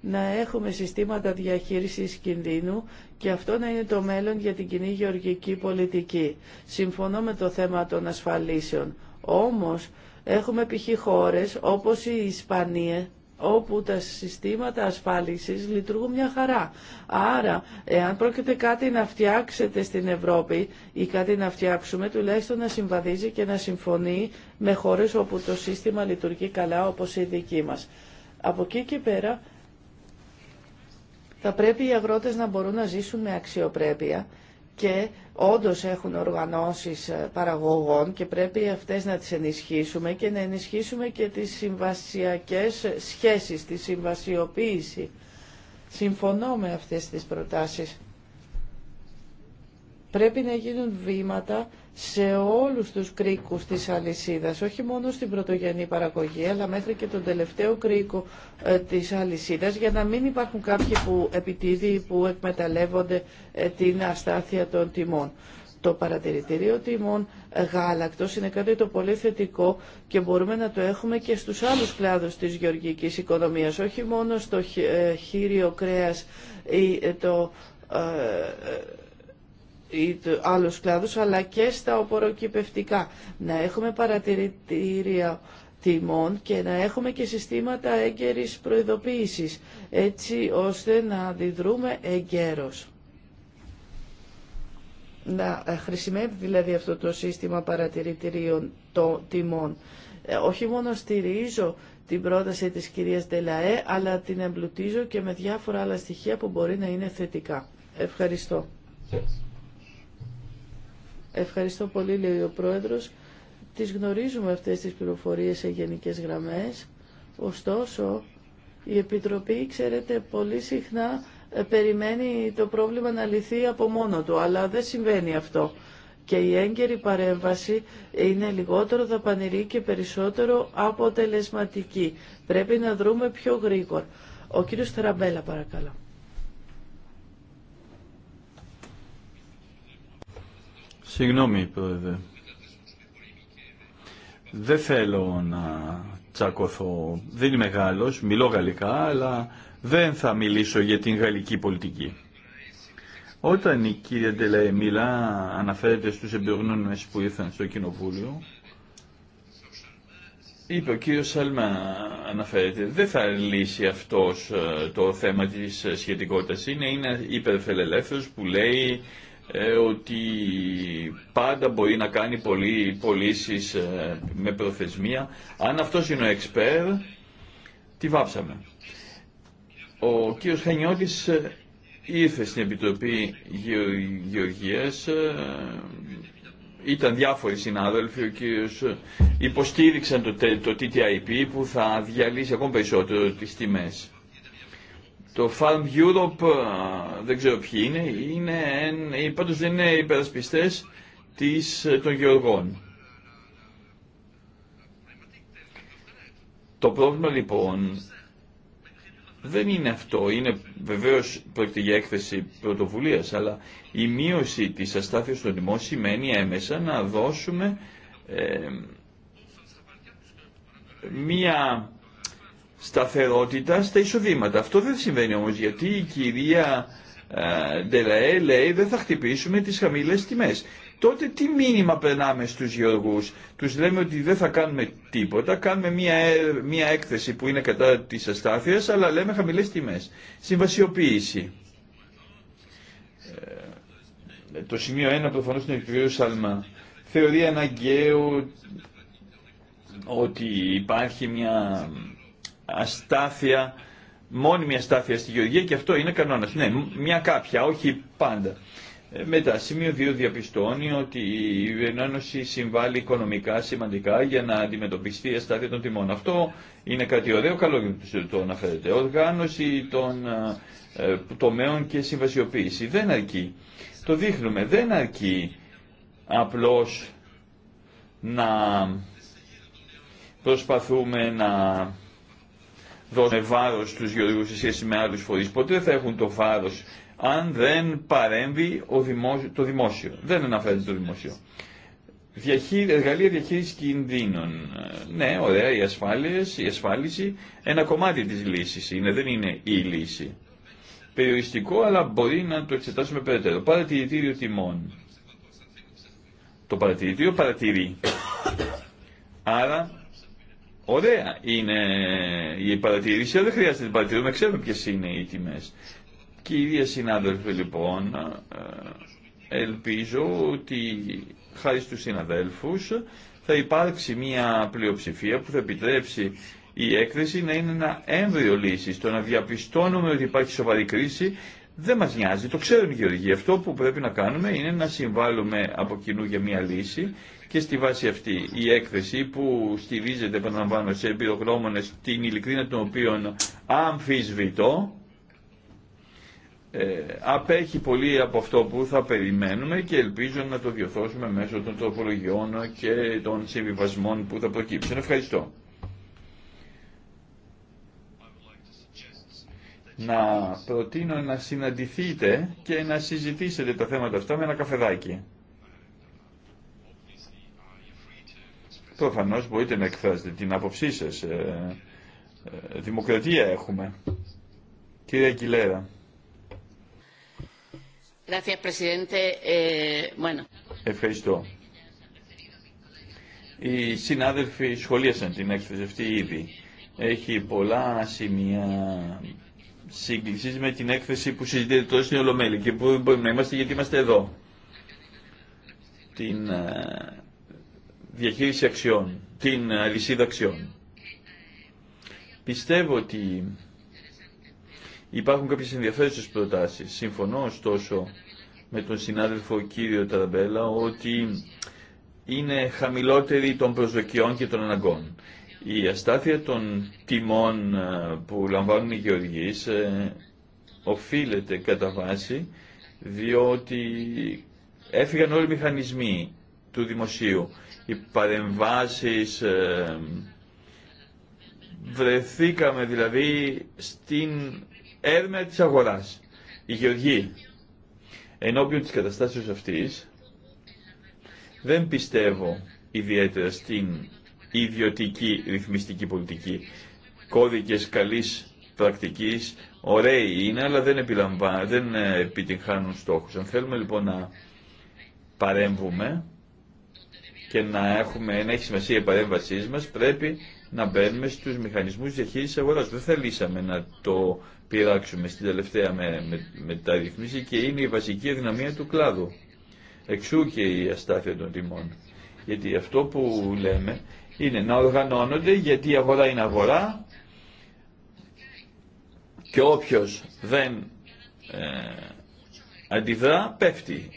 να έχουμε συστήματα διαχείρισης κινδύνου και αυτό να είναι το μέλλον για την κοινή γεωργική πολιτική. Συμφωνώ με το θέμα των ασφαλίσεων. Όμως έχουμε π.χ. χώρες όπως η Ισπανία όπου τα συστήματα ασφάλισης λειτουργούν μια χαρά. Άρα, εάν πρόκειται κάτι να φτιάξετε στην Ευρώπη ή κάτι να φτιάξουμε, τουλάχιστον να συμβαδίζει και να συμφωνεί με χώρες όπου το σύστημα λειτουργεί καλά όπως η δική μας. Από εκεί και πέρα θα πρέπει οι αγρότες να μπορούν να ζήσουν με αξιοπρέπεια και όντως έχουν οργανώσεις ε, παραγωγών και πρέπει αυτές να τις ενισχύσουμε και να ενισχύσουμε και τις συμβασιακές σχέσεις, τη συμβασιοποίηση. Συμφωνώ με αυτές τις προτάσεις. Πρέπει να γίνουν βήματα σε όλους τους κρίκους της αλυσίδας, όχι μόνο στην πρωτογενή παραγωγή, αλλά μέχρι και τον τελευταίο κρίκο ε, της αλυσίδας, για να μην υπάρχουν κάποιοι που επιτίδη, που εκμεταλλεύονται ε, την αστάθεια των τιμών. Το παρατηρητήριο τιμών ε, γάλακτος είναι κάτι το πολύ θετικό και μπορούμε να το έχουμε και στους άλλους κλάδους της γεωργικής οικονομίας, όχι μόνο στο χείριο κρέας ή το ή άλλους κλάδους, αλλά και στα οποροκυπευτικά. Να έχουμε παρατηρητήρια τιμών και να έχουμε και συστήματα έγκαιρης προειδοποίησης, έτσι ώστε να αντιδρούμε εγκαίρως. Να ε, χρησιμεύει δηλαδή αυτό το σύστημα παρατηρητηρίων των τιμών. Ε, όχι μόνο στηρίζω την πρόταση της κυρίας Δελαέ αλλά την εμπλουτίζω και με διάφορα άλλα στοιχεία που μπορεί να είναι θετικά. Ευχαριστώ. Ευχαριστώ πολύ, λέει ο Πρόεδρος. Τις γνωρίζουμε αυτές τις πληροφορίες σε γενικές γραμμές. Ωστόσο, η Επιτροπή, ξέρετε, πολύ συχνά ε, περιμένει το πρόβλημα να λυθεί από μόνο του, αλλά δεν συμβαίνει αυτό. Και η έγκαιρη παρέμβαση είναι λιγότερο δαπανηρή και περισσότερο αποτελεσματική. Πρέπει να δρούμε πιο γρήγορα. Ο κύριος Θεραμπέλα, παρακαλώ. Συγγνώμη, Πρόεδρε. Δεν θέλω να τσακωθώ. Δεν είμαι Γάλλος, μιλώ γαλλικά, αλλά δεν θα μιλήσω για την γαλλική πολιτική. Όταν η κυρία Ντελαεμίλα αναφέρεται στους εμπειρογνώμες που ήρθαν στο κοινοβούλιο, είπε ο κύριος Σαλμά αναφέρεται, δεν θα λύσει αυτός ε, το θέμα της ε, σχετικότητας. Είναι, είναι υπερφελελεύθερος που λέει ε, ότι πάντα μπορεί να κάνει πολλοί πωλήσει ε, με προθεσμία. Αν αυτός είναι ο εξπέρ, τη βάψαμε. Ο κύριος Χανιώτης ε, ήρθε στην Επιτροπή Γεωργίας, ήταν διάφοροι συνάδελφοι, ο κύριος υποστήριξαν το, το TTIP που θα διαλύσει ακόμα περισσότερο τις τιμές. Το Farm Europe δεν ξέρω ποιοι είναι, είναι ε, πάντως δεν είναι υπερασπιστές της, ε, των γεωργών. Το πρόβλημα λοιπόν δεν είναι αυτό. Είναι βεβαίως πρόκειται για έκθεση πρωτοβουλίας, αλλά η μείωση της αστάθειας των τιμών σημαίνει έμεσα να δώσουμε ε, μία σταθερότητα στα εισοδήματα. Αυτό δεν συμβαίνει όμως γιατί η κυρία ε, Ντελαέ λέει δεν θα χτυπήσουμε τις χαμηλές τιμές. Τότε τι μήνυμα περνάμε στους γεωργούς. Τους λέμε ότι δεν θα κάνουμε τίποτα, κάνουμε μια, μια έκθεση που είναι κατά της αστάθειας αλλά λέμε χαμηλές τιμές. Συμβασιοποίηση. Ε, το σημείο 1 προφανώς είναι του κ. Σαλμά. Θεωρεί αναγκαίο ότι υπάρχει μια αστάθεια, μόνιμη αστάθεια στη γεωργία και αυτό είναι κανόνα. Ναι, μια κάποια, όχι πάντα. Ε, μετά, σημείο 2 διαπιστώνει ότι η Ενένωση συμβάλλει οικονομικά σημαντικά για να αντιμετωπιστεί η αστάθεια των τιμών. Αυτό είναι κάτι ωραίο, καλό για το αναφέρετε. Οργάνωση των ε, ε, τομέων και συμβασιοποίηση. Δεν αρκεί. Το δείχνουμε. Δεν αρκεί απλώς να προσπαθούμε να δώσουν βάρο στου γεωργού σε σχέση με άλλου φορεί Ποτέ θα έχουν το βάρο αν δεν παρέμβει ο δημόσιο, το δημόσιο. Δεν αναφέρεται το δημόσιο. Διαχείρι, εργαλεία διαχείριση κινδύνων. Ναι, ωραία, οι ασφάλειες, η ασφάλιση ένα κομμάτι τη λύση. είναι, δεν είναι η λύση. Περιοριστικό, αλλά μπορεί να το εξετάσουμε περαιτέρω. Παρατηρητήριο τιμών. Το παρατηρητήριο παρατηρεί. Άρα Ωραία είναι η παρατήρηση, αλλά δεν χρειάζεται την παρατηρούμε, ξέρουμε ποιε είναι οι τιμέ. Κυρία συνάδελφε, λοιπόν, ε, ελπίζω ότι χάρη στους συναδέλφους θα υπάρξει μια πλειοψηφία που θα επιτρέψει η έκθεση να είναι ένα έμβριο λύση. Το να διαπιστώνουμε ότι υπάρχει σοβαρή κρίση δεν μας νοιάζει, το ξέρουν οι γεωργοί. Αυτό που πρέπει να κάνουμε είναι να συμβάλλουμε από κοινού για μια λύση και στη βάση αυτή η έκθεση που στηρίζεται, επαναλαμβάνω, σε εμπειρογνώμονες την ειλικρίνα των οποίων αμφισβητώ, ε, απέχει πολύ από αυτό που θα περιμένουμε και ελπίζω να το διορθώσουμε μέσω των τροπολογιών και των συμβιβασμών που θα προκύψουν. Ευχαριστώ. να προτείνω να συναντηθείτε και να συζητήσετε τα θέματα αυτά με ένα καφεδάκι. Προφανώς μπορείτε να εκφράσετε την άποψή σας. Ε, ε, δημοκρατία έχουμε. Κύριε Κιλέρα. Ε, Ευχαριστώ. Οι συνάδελφοι σχολίασαν την έκθεση αυτή ήδη. Έχει πολλά σημεία σύγκλησης με την έκθεση που συζητείται τώρα στην Ολομέλη και που μπορούμε να είμαστε γιατί είμαστε εδώ. Την ε, διαχείριση αξιών, την ε, αλυσίδα αξιών. Πιστεύω ότι υπάρχουν κάποιες ενδιαφέρουσες προτάσεις. Συμφωνώ ωστόσο με τον συνάδελφο κύριο Ταραμπέλα ότι είναι χαμηλότεροι των προσδοκιών και των αναγκών. Η αστάθεια των τιμών ε, που λαμβάνουν οι γεωργείς ε, οφείλεται κατά βάση διότι έφυγαν όλοι οι μηχανισμοί του δημοσίου. Οι παρεμβάσεις ε, βρεθήκαμε δηλαδή στην έρμεα της αγοράς. Οι γεωργοί ενώπιον της καταστάσεως αυτής δεν πιστεύω ιδιαίτερα στην ιδιωτική ρυθμιστική πολιτική. Κώδικες καλής πρακτικής, ωραίοι είναι, αλλά δεν, δεν ε, επιτυγχάνουν στόχους. Αν θέλουμε λοιπόν να παρέμβουμε και να, έχουμε, να έχει σημασία η παρέμβασή μας, πρέπει να μπαίνουμε στους μηχανισμούς διαχείρισης αγοράς. Δεν θελήσαμε να το πειράξουμε στην τελευταία με, με, μεταρρυθμίση και είναι η βασική αδυναμία του κλάδου. Εξού και η αστάθεια των τιμών. Γιατί αυτό που λέμε είναι να οργανώνονται γιατί η αγορά είναι αγορά και όποιος δεν ε, αντιδρά πέφτει.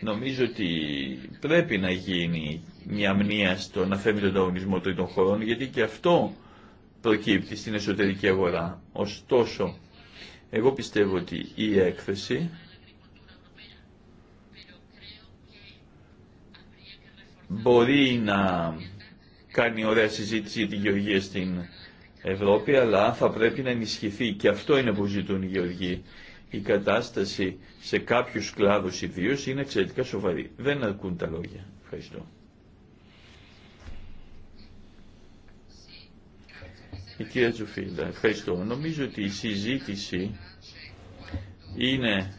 Νομίζω ότι πρέπει να γίνει μια μνήα στον τον ανταγωνισμό τρίτων χωρών γιατί και αυτό προκύπτει στην εσωτερική αγορά. Ωστόσο, εγώ πιστεύω ότι η έκθεση μπορεί να κάνει ωραία συζήτηση για τη γεωργία στην Ευρώπη, αλλά θα πρέπει να ενισχυθεί και αυτό είναι που ζητούν οι γεωργοί. Η κατάσταση σε κάποιους κλάδους ιδίω είναι εξαιρετικά σοβαρή. Δεν αρκούν τα λόγια. Ευχαριστώ. Η κυρία Τζουφίλα, ευχαριστώ. Νομίζω ότι η συζήτηση είναι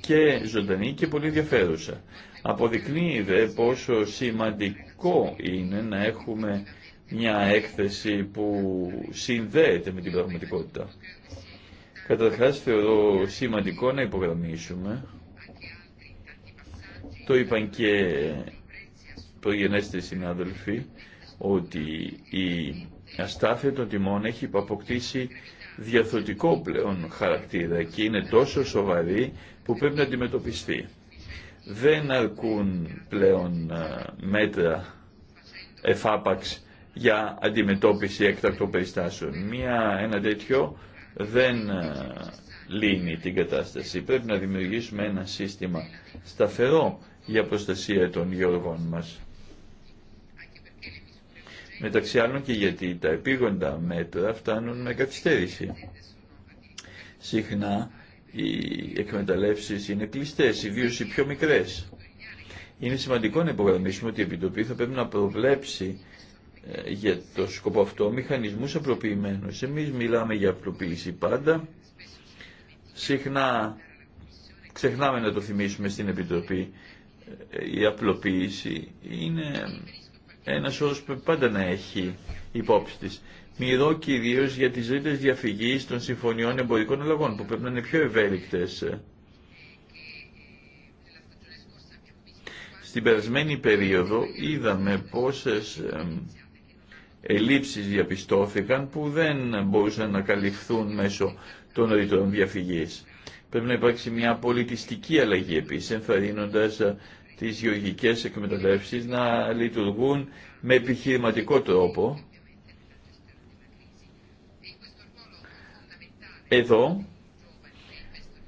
και ζωντανή και πολύ ενδιαφέρουσα. Αποδεικνύει δε πόσο σημαντικό είναι να έχουμε μια έκθεση που συνδέεται με την πραγματικότητα. Καταρχάς θεωρώ σημαντικό να υπογραμμίσουμε, το είπαν και προγενέστες συνάδελφοι, ότι η αστάθεια των τιμών έχει αποκτήσει διαθωτικό πλέον χαρακτήρα και είναι τόσο σοβαρή που πρέπει να αντιμετωπιστεί δεν αρκούν πλέον ε, μέτρα εφάπαξ για αντιμετώπιση έκτακτων περιστάσεων. Μια, ένα τέτοιο δεν ε, λύνει την κατάσταση. Πρέπει να δημιουργήσουμε ένα σύστημα σταθερό για προστασία των γεωργών μας. Μεταξύ άλλων και γιατί τα επίγοντα μέτρα φτάνουν με καθυστέρηση. Συχνά οι εκμεταλλεύσεις είναι κλειστές, ιδίω οι πιο μικρές. Είναι σημαντικό να υπογραμμίσουμε ότι η Επιτροπή θα πρέπει να προβλέψει ε, για το σκοπό αυτό μηχανισμούς απλοποιημένους. Εμείς μιλάμε για απλοποίηση πάντα. Συχνά ξεχνάμε να το θυμίσουμε στην Επιτροπή. Ε, η απλοποίηση είναι ένα όρος που πάντα να έχει υπόψη τη μοιρό κυρίω για τις ρήτες διαφυγή των συμφωνιών εμπορικών αλλαγών που πρέπει να είναι πιο ευέλικτε. Στην περασμένη περίοδο είδαμε πόσες ελλείψεις διαπιστώθηκαν που δεν μπορούσαν να καλυφθούν μέσω των ρήτων διαφυγής. Πρέπει να υπάρξει μια πολιτιστική αλλαγή επίσης, ενθαρρύνοντας ε, τις γεωργικές εκμεταλλεύσεις να λειτουργούν με επιχειρηματικό τρόπο Εδώ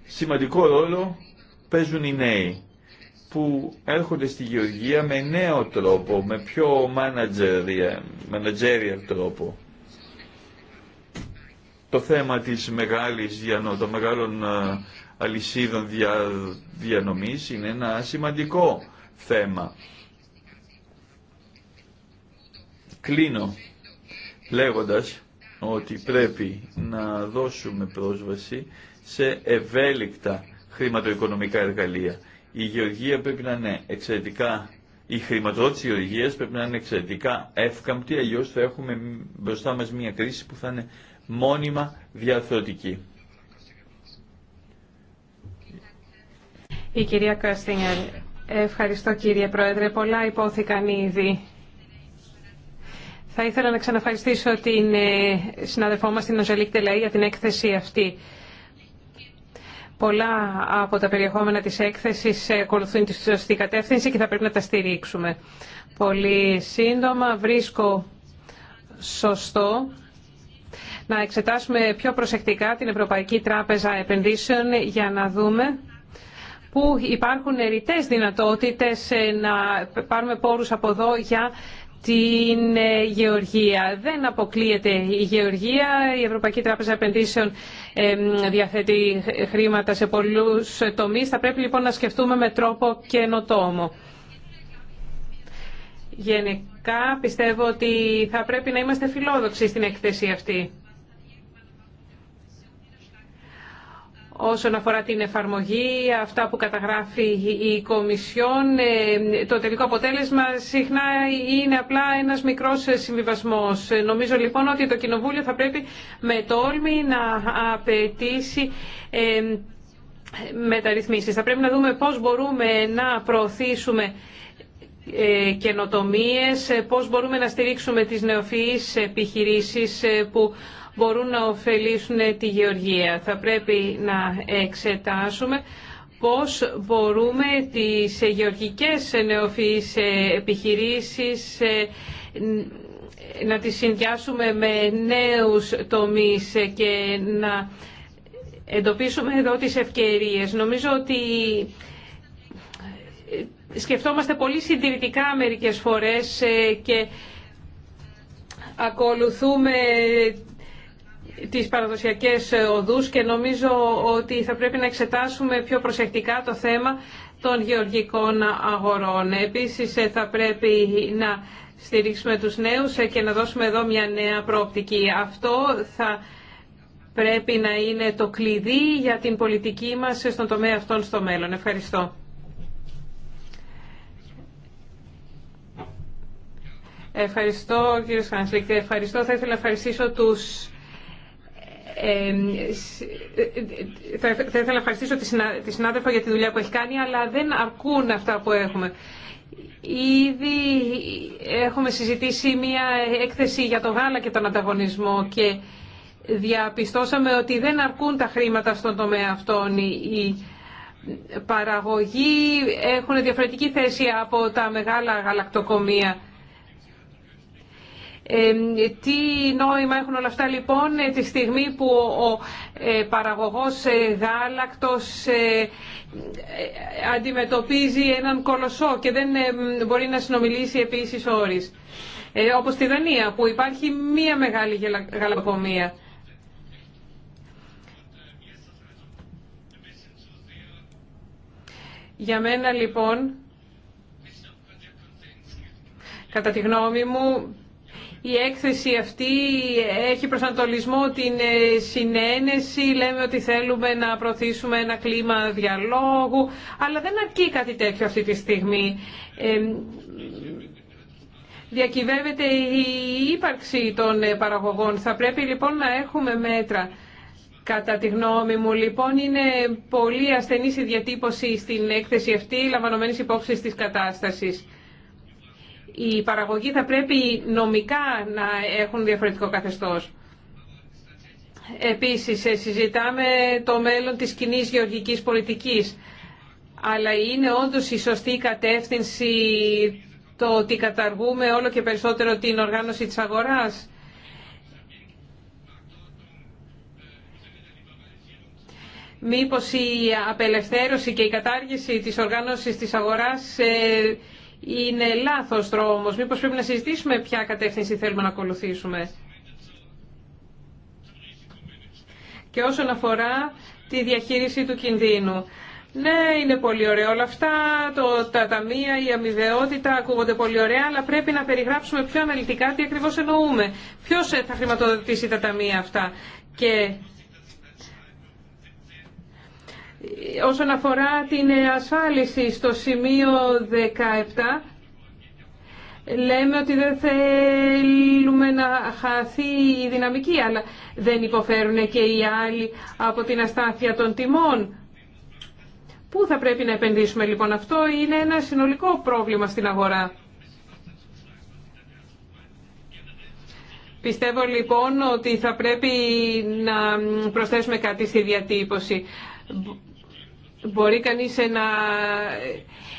σημαντικό ρόλο παίζουν οι νέοι που έρχονται στη γεωργία με νέο τρόπο, με πιο managerial τρόπο. Το θέμα της μεγάλης, των μεγάλων ε, αλυσίδων δια, διανομής είναι ένα σημαντικό θέμα. Κλείνω λέγοντας ότι πρέπει να δώσουμε πρόσβαση σε ευέλικτα χρηματοοικονομικά εργαλεία. Η γεωργία πρέπει να είναι εξαιρετικά, η χρηματοδότηση γεωργίας πρέπει να είναι εξαιρετικά εύκαμπτη, αλλιώ θα έχουμε μπροστά μας μια κρίση που θα είναι μόνιμα διαθεωτική. Η κυρία Καστίνια, ευχαριστώ κύριε Πρόεδρε, πολλά υπόθηκαν ήδη θα ήθελα να ξαναευχαριστήσω την ε, συναδελφό μας την Οζελίκ Τελαή για την έκθεση αυτή. Πολλά από τα περιεχόμενα της έκθεσης ε, ακολουθούν τη σωστή κατεύθυνση και θα πρέπει να τα στηρίξουμε. Πολύ σύντομα βρίσκω σωστό να εξετάσουμε πιο προσεκτικά την Ευρωπαϊκή Τράπεζα Επενδύσεων για να δούμε που υπάρχουν ρητές δυνατότητες ε, να πάρουμε πόρους από εδώ για την ε, γεωργία. Δεν αποκλείεται η γεωργία. Η Ευρωπαϊκή Τράπεζα Επενδύσεων διαθέτει χρήματα σε πολλούς τομείς. Θα πρέπει λοιπόν να σκεφτούμε με τρόπο καινοτόμο. Γενικά πιστεύω ότι θα πρέπει να είμαστε φιλόδοξοι στην έκθεση αυτή. Όσον αφορά την εφαρμογή, αυτά που καταγράφει η Κομισιόν, ε, το τελικό αποτέλεσμα συχνά είναι απλά ένας μικρός συμβιβασμός. Νομίζω λοιπόν ότι το Κοινοβούλιο θα πρέπει με τόλμη να απαιτήσει ε, μεταρρυθμίσεις. Θα πρέπει να δούμε πώς μπορούμε να προωθήσουμε ε, καινοτομίες, πώς μπορούμε να στηρίξουμε τις νεοφυείς επιχειρήσεις που μπορούν να ωφελήσουν τη γεωργία. Θα πρέπει να εξετάσουμε πώς μπορούμε τις γεωργικές νεοφυείς επιχειρήσεις ε, να τις συνδυάσουμε με νέους τομείς και να εντοπίσουμε εδώ τις ευκαιρίες. Νομίζω ότι σκεφτόμαστε πολύ συντηρητικά μερικές φορές ε, και ακολουθούμε τις παραδοσιακές οδούς και νομίζω ότι θα πρέπει να εξετάσουμε πιο προσεκτικά το θέμα των γεωργικών αγορών. Επίσης ε, θα πρέπει να στηρίξουμε τους νέους ε, και να δώσουμε εδώ μια νέα προοπτική. Αυτό θα πρέπει να είναι το κλειδί για την πολιτική μας στον τομέα αυτών στο μέλλον. Ευχαριστώ. Ευχαριστώ κύριε και Ευχαριστώ. Θα ήθελα να ευχαριστήσω τους ε, ε, θα, θα ήθελα να ευχαριστήσω τη συνάδελφα για τη δουλειά που έχει κάνει, αλλά δεν αρκούν αυτά που έχουμε. Ήδη έχουμε συζητήσει μία έκθεση για το γάλα και τον ανταγωνισμό και διαπιστώσαμε ότι δεν αρκούν τα χρήματα στον τομέα αυτών. Οι παραγωγοί έχουν διαφορετική θέση από τα μεγάλα γαλακτοκομεία τι νόημα έχουν όλα αυτά λοιπόν ε, τη στιγμή που ο ε, παραγωγός ε, γάλακτος αντιμετωπίζει έναν κολοσσό και δεν μπορεί να συνομιλήσει επίσης όρις. Όπως στη Δανία που υπάρχει μία μεγάλη γαλακτοκομία. Για μένα λοιπόν, κατά τη γνώμη μου, η έκθεση αυτή έχει προσανατολισμό την ε, συνένεση, λέμε ότι θέλουμε να προωθήσουμε ένα κλίμα διαλόγου, αλλά δεν αρκεί κάτι τέτοιο αυτή τη στιγμή. Ε, διακυβεύεται η ύπαρξη των ε, παραγωγών. Θα πρέπει λοιπόν να έχουμε μέτρα. Κατά τη γνώμη μου, λοιπόν, είναι πολύ ασθενής η διατύπωση στην έκθεση αυτή, λαμβανωμένης υπόψη της κατάστασης οι παραγωγοί θα πρέπει νομικά να έχουν διαφορετικό καθεστώς. Επίσης, ε, συζητάμε το μέλλον της κοινή γεωργικής πολιτικής. Αλλά είναι όντως η σωστή κατεύθυνση το ότι καταργούμε όλο και περισσότερο την οργάνωση της αγοράς. Μήπως η απελευθέρωση και η κατάργηση της οργάνωσης της αγοράς ε, είναι λάθος δρόμος. Μήπως πρέπει να συζητήσουμε ποια κατεύθυνση θέλουμε να ακολουθήσουμε. Και όσον αφορά τη διαχείριση του κινδύνου. Ναι, είναι πολύ ωραία όλα αυτά, το, τα ταμεία, η αμοιβαιότητα ακούγονται πολύ ωραία, αλλά πρέπει να περιγράψουμε πιο αναλυτικά τι ακριβώς εννοούμε. Ποιος ε, θα χρηματοδοτήσει τα ταμεία αυτά. Και Όσον αφορά την ασφάλιση στο σημείο 17, λέμε ότι δεν θέλουμε να χαθεί η δυναμική, αλλά δεν υποφέρουν και οι άλλοι από την αστάθεια των τιμών. Πού θα πρέπει να επενδύσουμε λοιπόν αυτό, είναι ένα συνολικό πρόβλημα στην αγορά. Πιστεύω λοιπόν ότι θα πρέπει να προσθέσουμε κάτι στη διατύπωση. Μπορεί κανείς να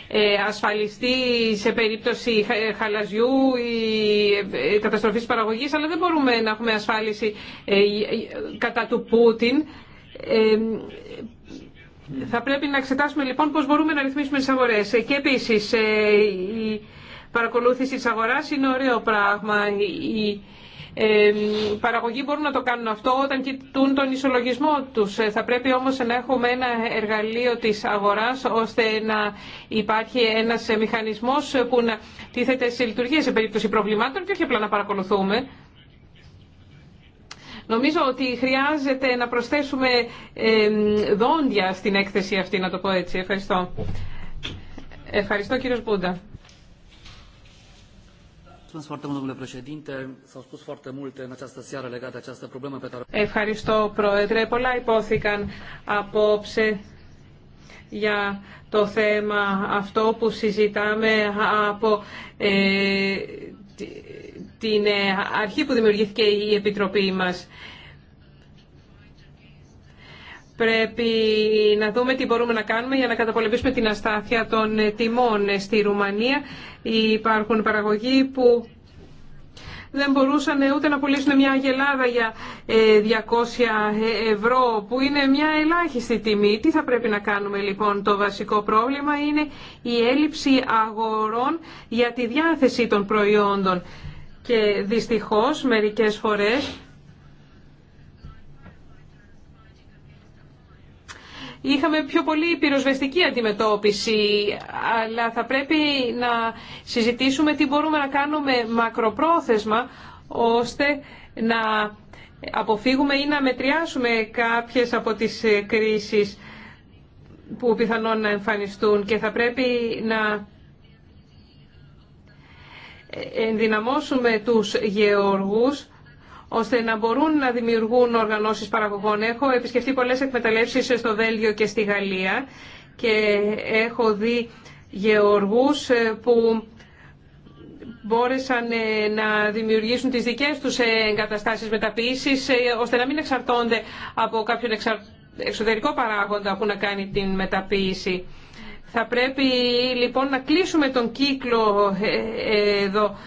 ε, ασφαλιστεί σε περίπτωση ε, χαλαζιού ή ε, καταστροφής παραγωγής, αλλά δεν μπορούμε να έχουμε ασφάλιση κατά του Πούτιν. Θα πρέπει να εξετάσουμε λοιπόν πώς μπορούμε να ρυθμίσουμε τις αγορές. Και επίσης η παρακολούθηση της αγοράς είναι ωραίο πράγμα. Η παραγωγοί μπορούν να το κάνουν αυτό όταν κοιτούν τον ισολογισμό τους. Ε, θα πρέπει όμως να έχουμε ένα εργαλείο της αγοράς ώστε να υπάρχει ένας μηχανισμός που να τίθεται σε λειτουργία σε περίπτωση προβλημάτων και όχι απλά να παρακολουθούμε. Νομίζω ότι χρειάζεται να προσθέσουμε δόντια στην έκθεση αυτή, να το πω έτσι. Ευχαριστώ. Ευχαριστώ κύριο Μπούντα. Ευχαριστώ, Πρόεδρε. Πολλά υπόθηκαν απόψε για το θέμα αυτό που συζητάμε από ε, την ε, αρχή που δημιουργήθηκε η Επιτροπή μας. Πρέπει να δούμε τι μπορούμε να κάνουμε για να καταπολεμήσουμε την αστάθεια των τιμών. Στη Ρουμανία υπάρχουν παραγωγοί που δεν μπορούσαν ούτε να πουλήσουν μια αγελάδα για 200 ε, ευρώ, που είναι μια ελάχιστη τιμή. Τι θα πρέπει να κάνουμε λοιπόν, το βασικό πρόβλημα είναι η έλλειψη αγορών για τη διάθεση των προϊόντων. Και δυστυχώς μερικές φορές είχαμε πιο πολύ πυροσβεστική αντιμετώπιση, αλλά θα πρέπει να συζητήσουμε τι μπορούμε να κάνουμε μακροπρόθεσμα, ώστε να αποφύγουμε ή να μετριάσουμε κάποιες από τις κρίσεις που πιθανόν να εμφανιστούν και θα πρέπει να ενδυναμώσουμε τους γεωργούς ώστε να μπορούν να δημιουργούν οργανώσεις παραγωγών. Έχω επισκεφτεί πολλές εκμεταλλεύσεις στο Βέλγιο και στη Γαλλία και έχω δει γεωργούς ε, που μπόρεσαν ε, να δημιουργήσουν τις δικές τους ε, εγκαταστάσεις μεταποίηση, ώστε να μην εξαρτώνται από κάποιον εξωτερικό παράγοντα που να κάνει την μεταποίηση. Θα πρέπει λοιπόν να κλείσουμε τον κύκλο εδώ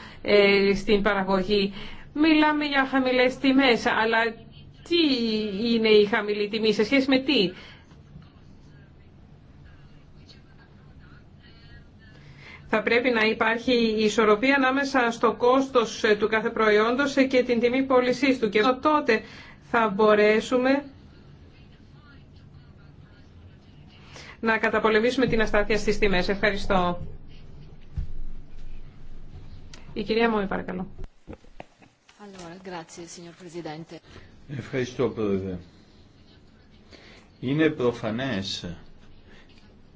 στην παραγωγή μιλάμε για χαμηλές τιμές, αλλά τι είναι η χαμηλή τιμή σε σχέση με τι. Θα πρέπει να υπάρχει ισορροπία ανάμεσα στο κόστος του κάθε προϊόντος και την τιμή πώλησής του. Και τότε θα μπορέσουμε να καταπολεμήσουμε την αστάθεια στις τιμές. Ευχαριστώ. Η κυρία Μόη, παρακαλώ. Ευχαριστώ, Πρόεδρε. Είναι προφανές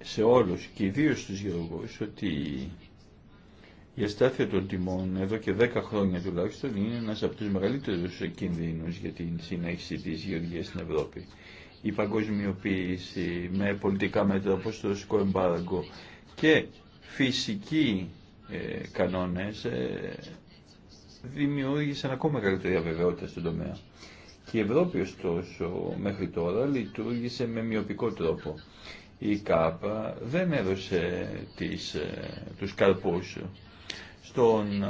σε όλους και ιδίως στους γεωργούς ότι η αστάθεια των τιμών εδώ και 10 χρόνια τουλάχιστον είναι ένας από τους μεγαλύτερους κινδύνους για την συνέχιση της γεωργίας στην Ευρώπη. Η παγκοσμιοποίηση με πολιτικά μέτρα όπως το ρωσικό εμπάργκο και φυσικοί ε, κανόνες ε, δημιούργησαν ακόμα καλύτερη αβεβαιότητα στον τομέα. Και η Ευρώπη, ωστόσο, μέχρι τώρα λειτουργήσε με μειωπικό τρόπο. Η ΚΑΠΑ δεν έδωσε τις, ε, τους καρπούς. Στον, ε,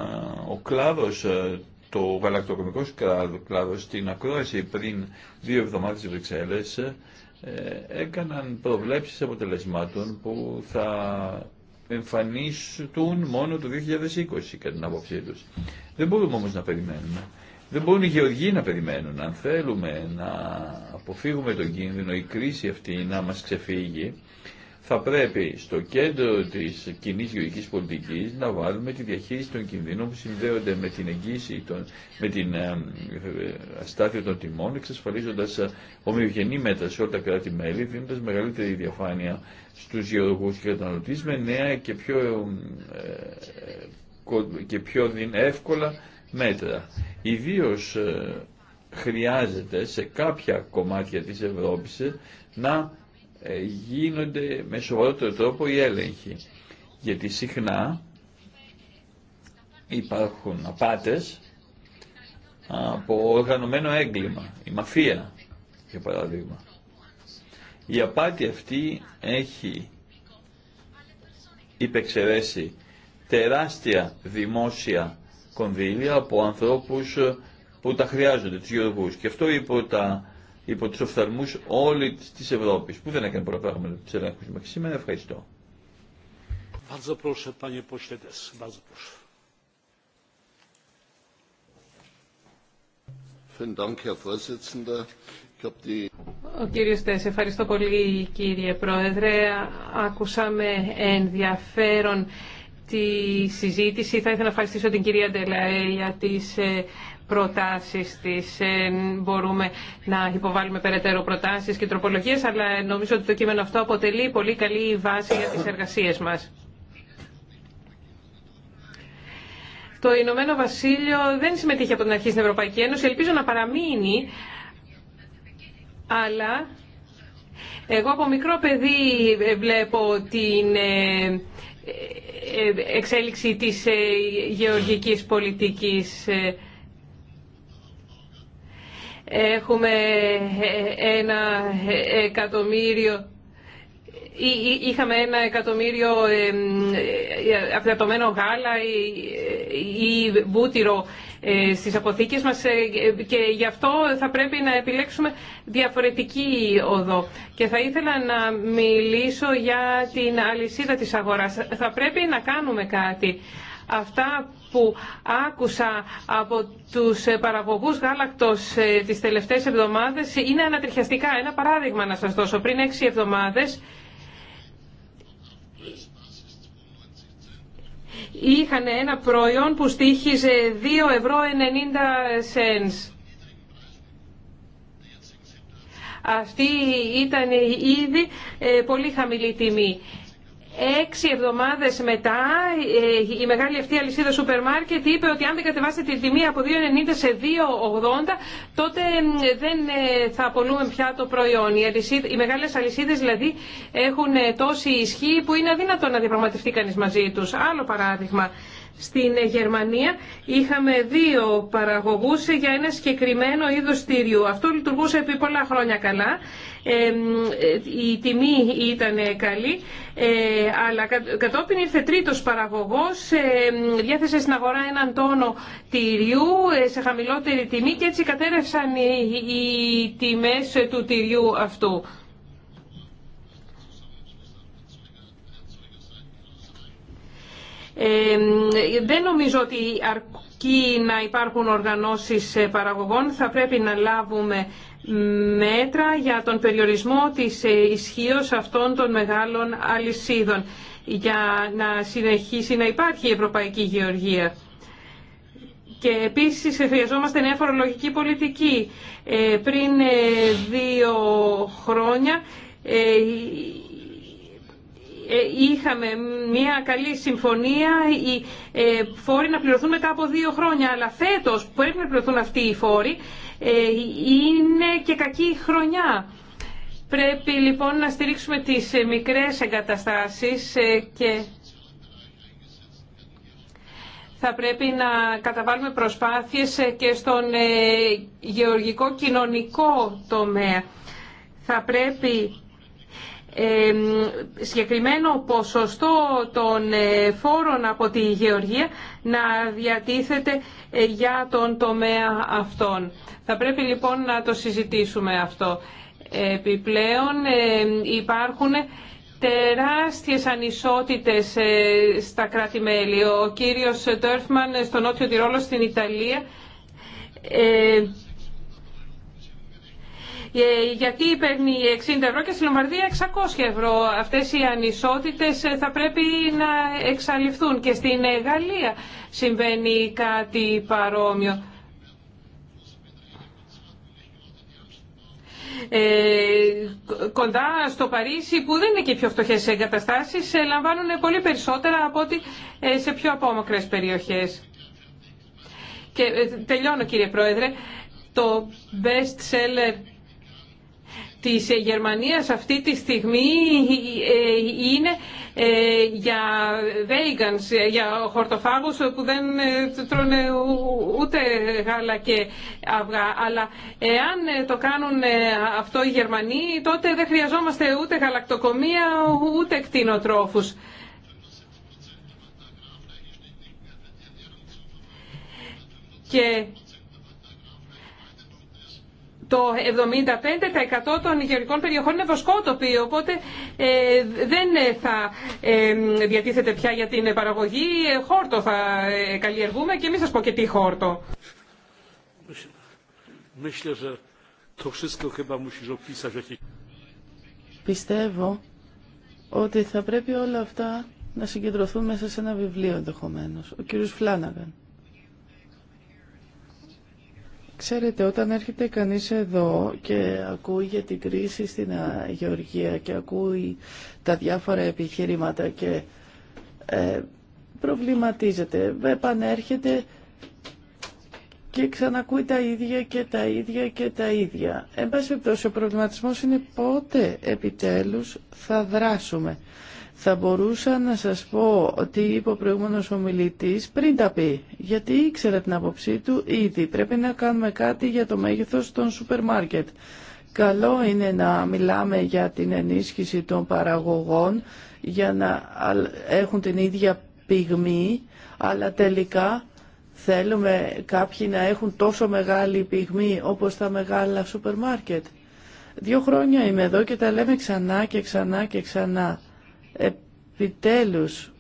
ο κλάδος, ε, το γαλακτοκομικός κλάδος, στην ακρόαση πριν δύο εβδομάδες στις Βρυξέλλες, έκαναν προβλέψεις αποτελεσμάτων που θα εμφανιστούν μόνο το 2020 κατά την άποψή τους. Δεν μπορούμε όμως να περιμένουμε. Δεν μπορούν οι γεωργοί να περιμένουν. Αν θέλουμε να αποφύγουμε τον κίνδυνο, η κρίση αυτή να μας ξεφύγει, θα πρέπει στο κέντρο της κοινή γεωργικής πολιτικής να βάλουμε τη διαχείριση των κινδύνων που συνδέονται με την εγγύηση, των, με την ε, αστάθεια των τιμών, εξασφαλίζοντας ε, ομοιογενή μέτρα σε όλα τα κράτη-μέλη, δίνοντας μεγαλύτερη διαφάνεια στους γεωργούς και καταναλωτής με νέα και πιο ε, και πιο εύκολα μέτρα. Ιδίω ε, χρειάζεται σε κάποια κομμάτια της Ευρώπης ε, να ε, γίνονται με σοβαρότερο τρόπο οι έλεγχοι. Γιατί συχνά υπάρχουν απάτες από οργανωμένο έγκλημα, η μαφία για παράδειγμα. Η απάτη αυτή έχει υπεξαιρέσει τεράστια δημόσια κονδύλια από ανθρώπους ε, που τα χρειάζονται, τους γεωργούς. Και αυτό υπό, τα, υπό τους οφθαλμούς όλη της Ευρώπης, που δεν έκανε πολλά πράγματα τους ελέγχους μέχρι σήμερα. Ευχαριστώ. Ο κύριος Τέσσε, ευχαριστώ πολύ κύριε Πρόεδρε. Ακούσαμε ενδιαφέρον τη συζήτηση. Θα ήθελα να ευχαριστήσω την κυρία Ντελαέ για τις ε, προτάσεις της. Ε, μπορούμε να υποβάλουμε περαιτέρω προτάσεις και τροπολογίες, αλλά νομίζω ότι το κείμενο αυτό αποτελεί πολύ καλή βάση για τις εργασίες μας. Το Ηνωμένο Βασίλειο δεν συμμετείχε από την αρχή στην Ευρωπαϊκή Ένωση. Ελπίζω να παραμείνει, αλλά εγώ από μικρό παιδί βλέπω την ε, ε, εξέλιξη της ε, γεωργικής πολιτικής. Ε, έχουμε ένα εκατομμύριο Είχαμε ένα εκατομμύριο ε, αφιερωμένο γάλα ε, ή μπούτυρο ε, στις αποθήκες μας και γι' αυτό θα πρέπει να επιλέξουμε διαφορετική οδό. Και θα ήθελα να μιλήσω για την αλυσίδα της αγοράς. Θα πρέπει να κάνουμε κάτι. Αυτά που άκουσα από τους παραγωγούς γάλακτος τις τελευταίες εβδομάδες είναι ανατριχιαστικά. Ένα παράδειγμα να σας δώσω. Πριν έξι εβδομάδες είχαν ένα προϊόν που στήχιζε 2 ευρώ 90 cents. Αυτή ήταν ήδη ε, πολύ χαμηλή τιμή. Έξι εβδομάδες μετά ε, η μεγάλη αυτή αλυσίδα σούπερ μάρκετ είπε ότι αν δεν κατεβάσετε τη τιμή από 2,90 σε 2,80 τότε δεν ε, θα απολούμε πια το προϊόν. Οι, αλυσίδες, οι μεγάλες αλυσίδες δηλαδή έχουν ε, τόση ισχύ που είναι αδύνατο να διαπραγματευτεί κανείς μαζί τους. Άλλο παράδειγμα. Στην Γερμανία είχαμε δύο παραγωγούς για ένα συγκεκριμένο είδος στήριου. Αυτό λειτουργούσε επί πολλά χρόνια καλά η τιμή ήταν καλή, ε, αλλά κατόπιν ήρθε τρίτος παραγωγός, ε, διάθεσε στην αγορά έναν τόνο τυριού ε, σε χαμηλότερη τιμή και έτσι κατέρευσαν οι τιμές του τυριού αυτού. Ε, δεν νομίζω ότι αρκεί να υπάρχουν οργανώσεις παραγωγών. Θα πρέπει να λάβουμε μέτρα για τον περιορισμό της ε, ισχύω αυτών των μεγάλων αλυσίδων για να συνεχίσει να υπάρχει η Ευρωπαϊκή Γεωργία. Και επίσης ε, χρειαζόμαστε νέα φορολογική πολιτική. Ε, πριν δύο χρόνια ε, είχαμε μια καλή συμφωνία, οι ε, φόροι να πληρωθούν μετά από δύο χρόνια, αλλά φέτος που πρέπει να πληρωθούν αυτοί οι φόροι ε, είναι και κακή χρονιά. Πρέπει λοιπόν να στηρίξουμε τις μικρές εγκαταστάσεις και θα πρέπει να καταβάλουμε προσπάθειες και στον γεωργικό κοινωνικό τομέα. Θα πρέπει συγκεκριμένο ποσοστό των ε, φόρων από τη γεωργία να διατίθεται ε, για τον τομέα αυτών. Θα πρέπει λοιπόν να το συζητήσουμε αυτό. Επιπλέον ε, υπάρχουν τεράστιες ανισότητες στα κράτη-μέλη. Ο κύριος Τόρφμαν στο Νότιο Τυρόλο στην Ιταλία ε, γιατί παίρνει 60 ευρώ και στη Λομαρδία 600 ευρώ. Αυτές οι ανισότητες ε, θα πρέπει να εξαλειφθούν και στην ε, Γαλλία συμβαίνει κάτι παρόμοιο. Ε, κοντά στο Παρίσι που δεν είναι και οι πιο φτωχές εγκαταστάσεις λαμβάνουν πολύ περισσότερα από ότι σε πιο απόμακρες περιοχές. Και τελειώνω κύριε Πρόεδρε, το best seller της Γερμανίας αυτή τη στιγμή ε, είναι ε, για vegans, για χορτοφάγους που δεν ε, τρώνε ούτε γάλα και αυγά. Αλλά εάν το κάνουν αυτό οι Γερμανοί, τότε δεν χρειαζόμαστε ούτε γαλακτοκομία ούτε κτηνοτρόφους. Και το 75% των γεωργικών περιοχών είναι βοσκότοποι, οπότε ε, δεν θα ε, διατίθεται πια για την παραγωγή. Ε, χόρτο θα καλλιεργούμε και μην σας πω και τι χόρτο. Πιστεύω ότι θα πρέπει όλα αυτά να συγκεντρωθούν μέσα σε ένα βιβλίο ενδεχομένω. Ο κύριος Φλάναγκαν. Ξέρετε, όταν έρχεται κανείς εδώ και ακούει για την κρίση στην Γεωργία και ακούει τα διάφορα επιχειρήματα και ε, προβληματίζεται, ε, επανέρχεται και ξανακούει τα ίδια και τα ίδια και τα ίδια. Εν πάση περιπτώσει, ο προβληματισμός είναι πότε επιτέλους θα δράσουμε. Θα μπορούσα να σας πω ότι είπε ο προηγούμενος ομιλητής πριν τα πει, γιατί ήξερα την άποψή του ήδη. Πρέπει να κάνουμε κάτι για το μέγεθος των σούπερ μάρκετ. Καλό είναι να μιλάμε για την ενίσχυση των παραγωγών, για να έχουν την ίδια πυγμή, αλλά τελικά θέλουμε κάποιοι να έχουν τόσο μεγάλη πυγμή όπως τα μεγάλα σούπερ μάρκετ. Δύο χρόνια είμαι εδώ και τα λέμε ξανά και ξανά και ξανά επιτέλους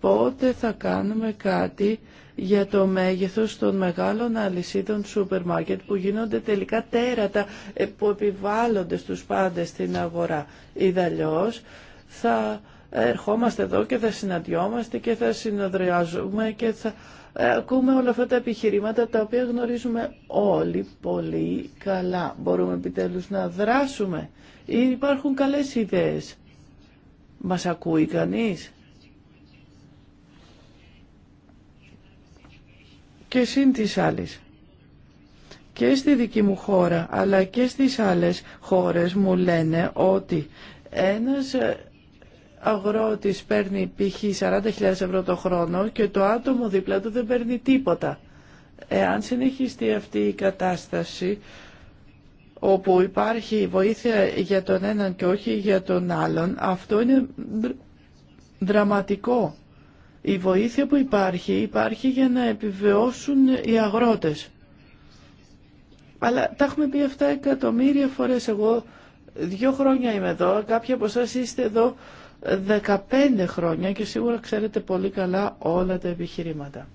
πότε θα κάνουμε κάτι για το μέγεθος των μεγάλων αλυσίδων σούπερ μάρκετ που γίνονται τελικά τέρατα ε, που επιβάλλονται στους πάντες στην αγορά. Ιδαλλιώς θα ερχόμαστε εδώ και θα συναντιόμαστε και θα συνοδριάζουμε και θα ε, ακούμε όλα αυτά τα επιχειρήματα τα οποία γνωρίζουμε όλοι πολύ καλά. Μπορούμε επιτέλους να δράσουμε ή υπάρχουν καλές ιδέες. Μας ακούει κανείς. Και σύν της άλλης. Και στη δική μου χώρα, αλλά και στις άλλες χώρες μου λένε ότι ένας αγρότης παίρνει π.χ. 40.000 ευρώ το χρόνο και το άτομο δίπλα του δεν παίρνει τίποτα. Εάν συνεχιστεί αυτή η κατάσταση, όπου υπάρχει βοήθεια για τον έναν και όχι για τον άλλον, αυτό είναι δραματικό. Η βοήθεια που υπάρχει, υπάρχει για να επιβεώσουν οι αγρότες. Αλλά τα έχουμε πει αυτά εκατομμύρια φορές. Εγώ δύο χρόνια είμαι εδώ, κάποιοι από εσάς είστε εδώ 15 χρόνια και σίγουρα ξέρετε πολύ καλά όλα τα επιχειρήματα.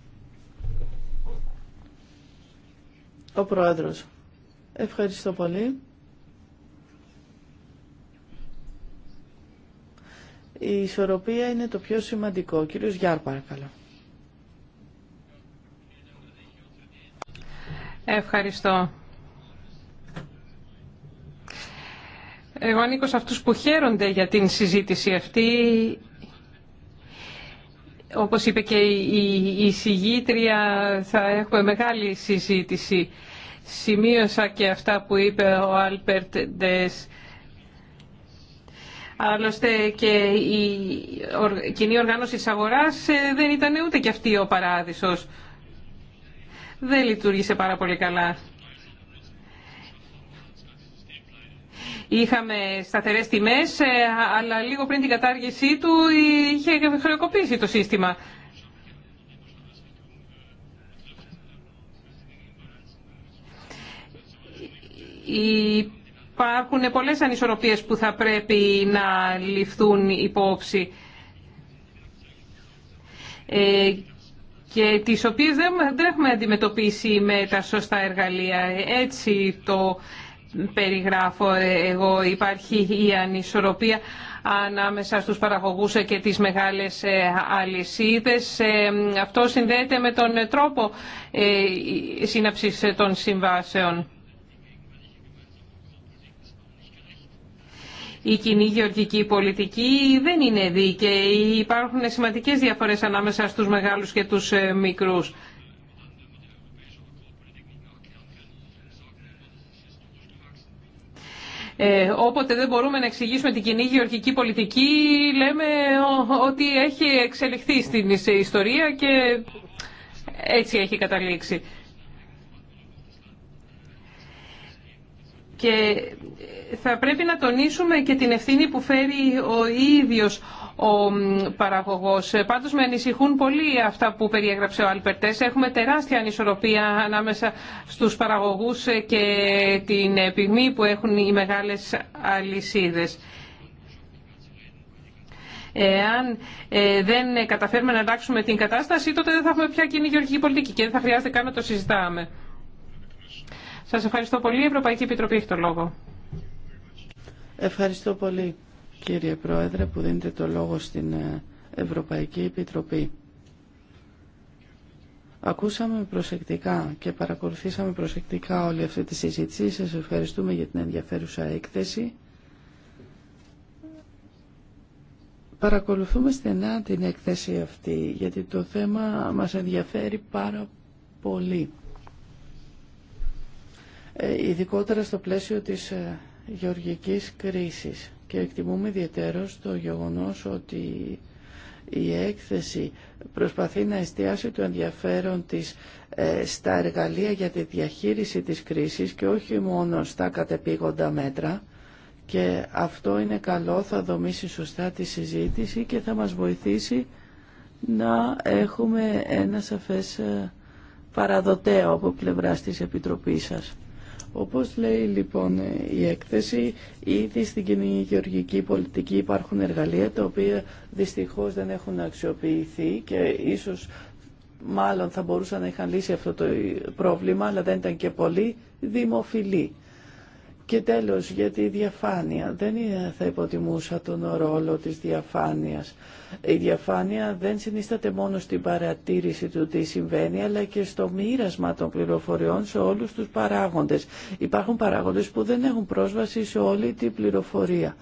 Ο Πρόεδρος. Ευχαριστώ πολύ. Η ισορροπία είναι το πιο σημαντικό. Κύριος Γιάρ, παρακαλώ. Ευχαριστώ. Εγώ ανήκω σε αυτούς που χαίρονται για την συζήτηση αυτή. Όπως είπε και η συγγήτρια, θα έχουμε μεγάλη συζήτηση. Σημείωσα και αυτά που είπε ο Άλπερτ Ντες. Άλλωστε και η κοινή οργάνωση της αγοράς ε, δεν ήταν ούτε και αυτή ο παράδεισος. Δεν λειτουργήσε πάρα πολύ καλά. Είχαμε σταθερές τιμές, ε, αλλά λίγο πριν την κατάργησή του είχε χρεοκοπήσει το σύστημα. υπάρχουν πολλές ανισορροπίες που θα πρέπει να ληφθούν υπόψη ε, και τις οποίες δεν έχουμε αντιμετωπίσει με τα σωστά εργαλεία. Έτσι το περιγράφω ε, εγώ. Υπάρχει η ανισορροπία ανάμεσα στους παραγωγούς και τις μεγάλες ε, αλυσίδες. Αυτό συνδέεται με τον τρόπο σύναψης των συμβάσεων. η κοινή γεωργική πολιτική δεν είναι δίκαιη. Υπάρχουν σημαντικές διαφορές ανάμεσα στους μεγάλους και τους ε, μικρούς. Ε, όποτε δεν μπορούμε να εξηγήσουμε την κοινή γεωργική πολιτική λέμε ότι έχει εξελιχθεί στην ιστορία και έτσι έχει καταλήξει. Και θα πρέπει να τονίσουμε και την ευθύνη που φέρει ο ίδιος ο παραγωγός. Πάντως με ανησυχούν πολύ αυτά που περιέγραψε ο Αλπερτές. Έχουμε τεράστια ανισορροπία ανάμεσα στους παραγωγούς και την πυγμή που έχουν οι μεγάλες αλυσίδες. Εάν ε, δεν καταφέρουμε να αλλάξουμε την κατάσταση, τότε δεν θα έχουμε πια κοινή γεωργική πολιτική και δεν θα χρειάζεται καν να το συζητάμε. Σας ευχαριστώ πολύ. Η Ευρωπαϊκή Επιτροπή έχει το λόγο. Ευχαριστώ πολύ κύριε Πρόεδρε που δίνετε το λόγο στην ε, Ευρωπαϊκή Επιτροπή. Ακούσαμε προσεκτικά και παρακολουθήσαμε προσεκτικά όλη αυτή τη συζήτηση. Σας ευχαριστούμε για την ενδιαφέρουσα έκθεση. Παρακολουθούμε στενά την έκθεση αυτή, γιατί το θέμα μας ενδιαφέρει πάρα πολύ. Ε, ειδικότερα στο πλαίσιο της ε, γεωργικής κρίσης και εκτιμούμε ιδιαίτερως το γεγονός ότι η έκθεση προσπαθεί να εστιάσει το ενδιαφέρον της ε, στα εργαλεία για τη διαχείριση της κρίσης και όχι μόνο στα κατεπήγοντα μέτρα και αυτό είναι καλό, θα δομήσει σωστά τη συζήτηση και θα μας βοηθήσει να έχουμε ένα σαφές ε, παραδοτέο από πλευράς της Επιτροπής σας. Όπως λέει λοιπόν η έκθεση, ήδη στην κοινή γεωργική πολιτική υπάρχουν εργαλεία τα οποία δυστυχώς δεν έχουν αξιοποιηθεί και ίσως μάλλον θα μπορούσαν να είχαν λύσει αυτό το πρόβλημα, αλλά δεν ήταν και πολύ δημοφιλή. Και τέλος, για τη διαφάνεια. Δεν θα υποτιμούσα τον ρόλο της διαφάνειας. Η διαφάνεια δεν συνίσταται μόνο στην παρατήρηση του τι συμβαίνει, αλλά και στο μοίρασμα των πληροφοριών σε όλους τους παράγοντες. Υπάρχουν παράγοντες που δεν έχουν πρόσβαση σε όλη την πληροφορία.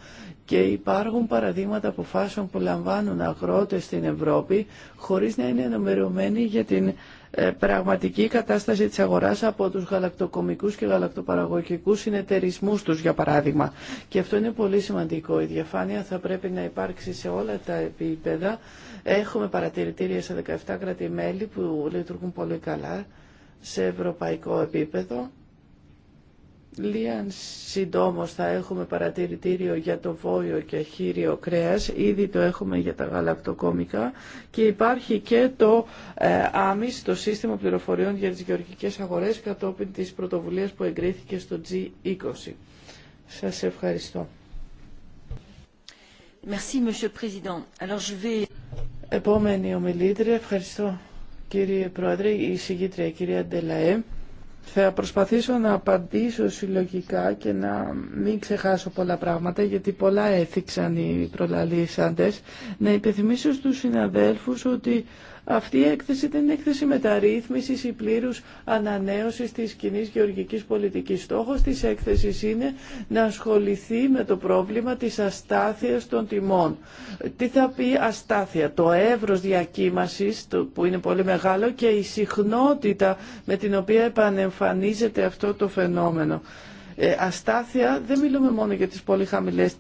Και υπάρχουν παραδείγματα αποφάσεων που λαμβάνουν αγρότες στην Ευρώπη, χωρίς να είναι ενημερωμένοι για την ε, πραγματική κατάσταση της αγοράς από τους γαλακτοκομικούς και γαλακτοπαραγωγικούς συνεταιρισμούς τους, για παράδειγμα. Και αυτό είναι πολύ σημαντικό. Η διαφάνεια θα πρέπει να υπάρξει σε όλα τα επίπεδα. Έχουμε παρατηρητήρια σε 17 κρατημέλη που λειτουργούν πολύ καλά σε ευρωπαϊκό επίπεδο Λίαν συντόμως θα έχουμε παρατηρητήριο για το βόλιο και χείριο κρέας, ήδη το έχουμε για τα γαλακτοκόμικα και υπάρχει και το ε, άμις, το σύστημα πληροφοριών για τις γεωργικές αγορές κατόπιν της πρωτοβουλίας που εγκρίθηκε στο G20. Σας ευχαριστώ. Merci, Alors, je vais... Επόμενη ομιλήτρια, ευχαριστώ κύριε Πρόεδρε, η συγγήτρια κυρία Ντελαέ. Θα προσπαθήσω να απαντήσω συλλογικά και να μην ξεχάσω πολλά πράγματα γιατί πολλά έθιξαν οι προλαλήσαντες. Να υπενθυμίσω στους συναδέλφους ότι αυτή η έκθεση δεν είναι έκθεση μεταρρύθμισης ή πλήρους ανανέωσης της κοινή γεωργικής πολιτικής. Στόχος της έκθεσης είναι να ασχοληθεί με το πρόβλημα της αστάθειας των τιμών. Τι θα πει αστάθεια, το εύρος διακύμασης που είναι πολύ μεγάλο και η συχνότητα με την οποία επανεμφανίζεται αυτό το φαινόμενο. Ε, αστάθεια δεν μιλούμε μόνο για τις πολύ χαμηλές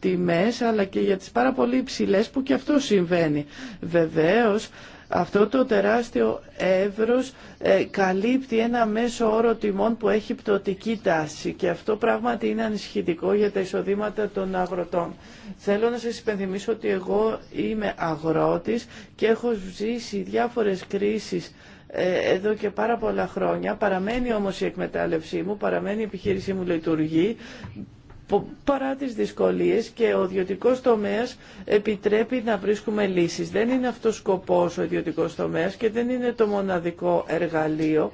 τιμές αλλά και για τις πάρα πολύ υψηλές που και αυτό συμβαίνει. Βεβαίως αυτό το τεράστιο εύρος ε, καλύπτει ένα μέσο όρο τιμών που έχει πτωτική τάση και αυτό πράγματι είναι ανησυχητικό για τα εισοδήματα των αγροτών. Θέλω να σας υπενθυμίσω ότι εγώ είμαι αγρότης και έχω ζήσει διάφορες κρίσεις ε, εδώ και πάρα πολλά χρόνια. Παραμένει όμως η εκμετάλλευσή μου, παραμένει η επιχείρησή μου λειτουργεί παρά τις δυσκολίες και ο ιδιωτικό τομέας επιτρέπει να βρίσκουμε λύσεις. Δεν είναι αυτός σκοπός ο ιδιωτικό τομέας και δεν είναι το μοναδικό εργαλείο.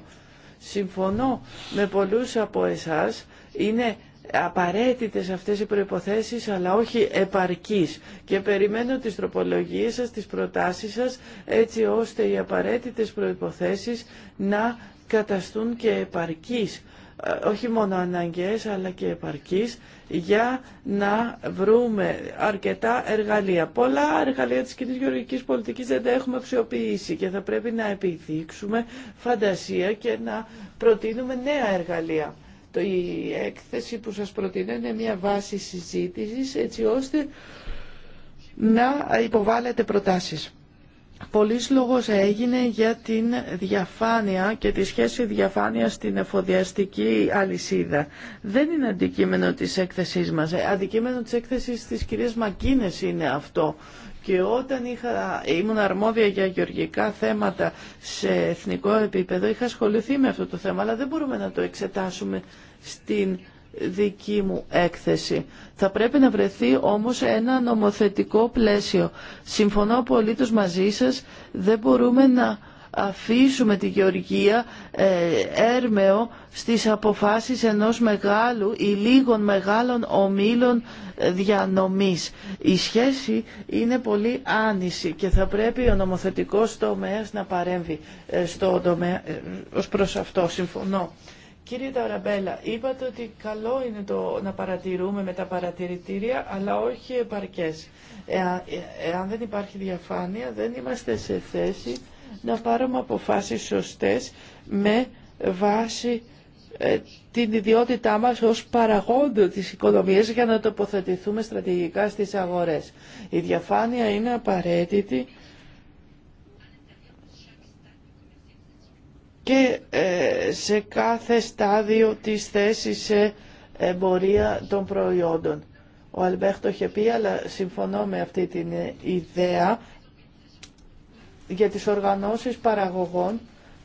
Συμφωνώ με πολλούς από εσάς, είναι απαραίτητες αυτές οι προϋποθέσεις αλλά όχι επαρκείς και περιμένω τις τροπολογίες σας, τις προτάσεις σας έτσι ώστε οι απαραίτητες προϋποθέσεις να καταστούν και επαρκείς όχι μόνο αναγκαίες αλλά και επαρκείς για να βρούμε αρκετά εργαλεία. Πολλά εργαλεία της κοινής γεωργικής πολιτικής δεν τα έχουμε αξιοποιήσει και θα πρέπει να επιδείξουμε φαντασία και να προτείνουμε νέα εργαλεία. Το, η έκθεση που σας προτείνω είναι μια βάση συζήτησης έτσι ώστε να υποβάλλετε προτάσεις. Πολλής λόγος έγινε για την διαφάνεια και τη σχέση διαφάνεια στην εφοδιαστική αλυσίδα. Δεν είναι αντικείμενο της έκθεσής μας. Ε, αντικείμενο της έκθεσης της κυρίας Μακίνες είναι αυτό. Και όταν είχα, ήμουν αρμόδια για γεωργικά θέματα σε εθνικό επίπεδο, είχα ασχοληθεί με αυτό το θέμα, αλλά δεν μπορούμε να το εξετάσουμε στην δική μου έκθεση. Θα πρέπει να βρεθεί όμως ένα νομοθετικό πλαίσιο. Συμφωνώ τους μαζί σας, δεν μπορούμε να αφήσουμε τη Γεωργία ε, έρμεο στις αποφάσεις ενός μεγάλου ή λίγων μεγάλων ομίλων ε, διανομής. Η σχέση είναι πολύ άνηση και θα πρέπει ο νομοθετικός τομέας να παρέμβει ε, στο τομέα ε, ως προς αυτό. Συμφωνώ Κύριε Ταραμπέλα, είπατε ότι καλό είναι το να παρατηρούμε με τα παρατηρητήρια, αλλά όχι επαρκές. Αν ε, ε, δεν υπάρχει διαφάνεια, δεν είμαστε σε θέση να πάρουμε αποφάσεις σωστές με βάση ε, την ιδιότητά μας ως παραγόντο της οικονομίας για να τοποθετηθούμε στρατηγικά στις αγορές. Η διαφάνεια είναι απαραίτητη και ε, σε κάθε στάδιο της θέσης σε εμπορία των προϊόντων. Ο Αλμπέχτο είχε πει, αλλά συμφωνώ με αυτή την ε, ιδέα, για τις οργανώσεις παραγωγών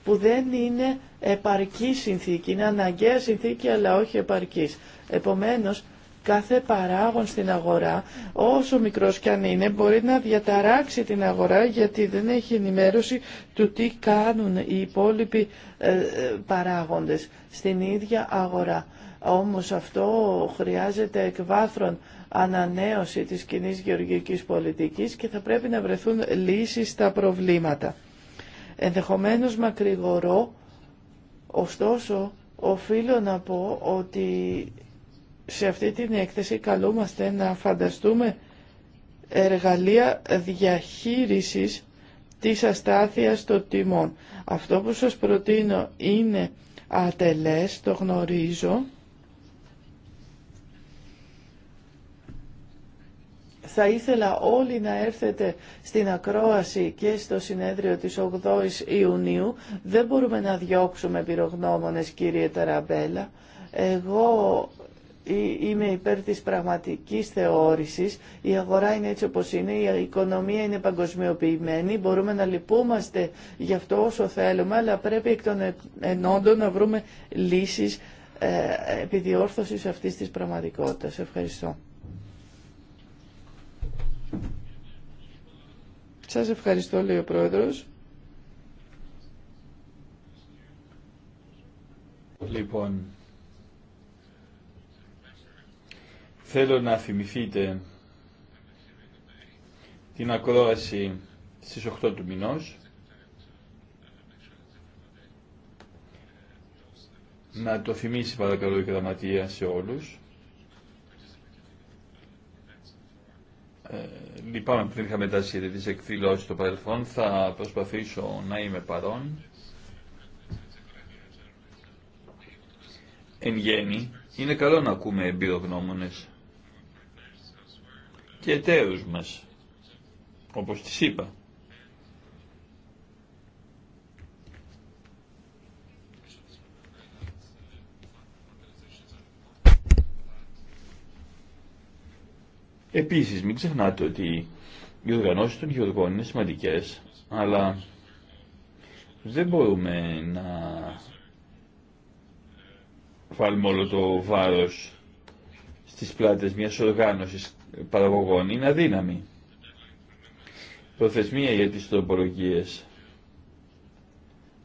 που δεν είναι επαρκή συνθήκη, είναι αναγκαία συνθήκη αλλά όχι επαρκής. Επομένως, Κάθε παράγον στην αγορά, όσο μικρός κι αν είναι, μπορεί να διαταράξει την αγορά γιατί δεν έχει ενημέρωση του τι κάνουν οι υπόλοιποι ε, παράγοντες στην ίδια αγορά. Όμως αυτό χρειάζεται εκβάθρον ανανέωση της κοινή γεωργικής πολιτικής και θα πρέπει να βρεθούν λύσεις στα προβλήματα. Ενδεχομένως μακρηγορώ, ωστόσο οφείλω να πω ότι σε αυτή την έκθεση καλούμαστε να φανταστούμε εργαλεία διαχείρισης της αστάθειας των τιμών. Αυτό που σας προτείνω είναι ατελές, το γνωρίζω. Θα ήθελα όλοι να έρθετε στην ακρόαση και στο συνέδριο της 8ης Ιουνίου. Δεν μπορούμε να διώξουμε πυρογνώμονες, κύριε Ταραμπέλα. Εγώ είμαι υπέρ της πραγματικής θεώρησης. Η αγορά είναι έτσι όπως είναι, η οικονομία είναι παγκοσμιοποιημένη, μπορούμε να λυπούμαστε γι' αυτό όσο θέλουμε, αλλά πρέπει εκ των ενόντων να βρούμε λύσεις ε, επιδιόρθωσης αυτής της πραγματικότητας. Ευχαριστώ. Σας ευχαριστώ, λέει ο Πρόεδρος. Λοιπόν, Θέλω να θυμηθείτε την ακρόαση στις 8 του μηνός. Να το θυμίσει παρακαλώ η γραμματεία σε όλους. Ε, λυπάμαι που δεν είχαμε τα της εκδηλώσει στο παρελθόν. Θα προσπαθήσω να είμαι παρόν. Εν γέννη, είναι καλό να ακούμε εμπειρογνώμονες και εταίρους μας, όπως τις είπα. Επίσης, μην ξεχνάτε ότι οι οργανώσεις των γεωργών είναι σημαντικές, αλλά δεν μπορούμε να βάλουμε όλο το βάρος στις πλάτες μιας οργάνωσης παραγωγών είναι αδύναμη. Προθεσμία για τις τροπολογίες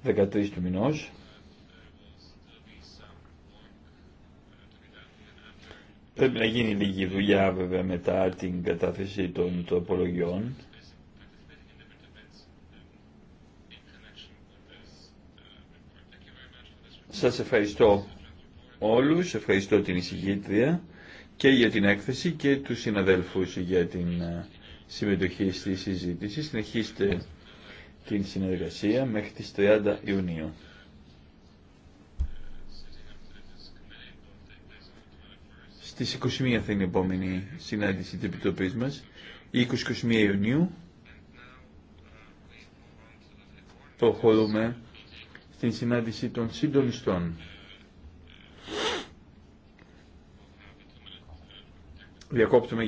13 του μηνός. Πρέπει να γίνει λίγη δουλειά βέβαια μετά την κατάθεση των τροπολογιών. Σας ευχαριστώ όλους, ευχαριστώ την εισηγήτρια και για την έκθεση και τους συναδέλφους για την ε, συμμετοχή στη συζήτηση. Συνεχίστε την συνεργασία μέχρι τις 30 Ιουνίου. Στις 21 θα είναι η επόμενη συνάντηση της Επιτροπής μας, 20-21 Ιουνίου. Προχωρούμε στην συνάντηση των συντονιστών. Διακόπτουμε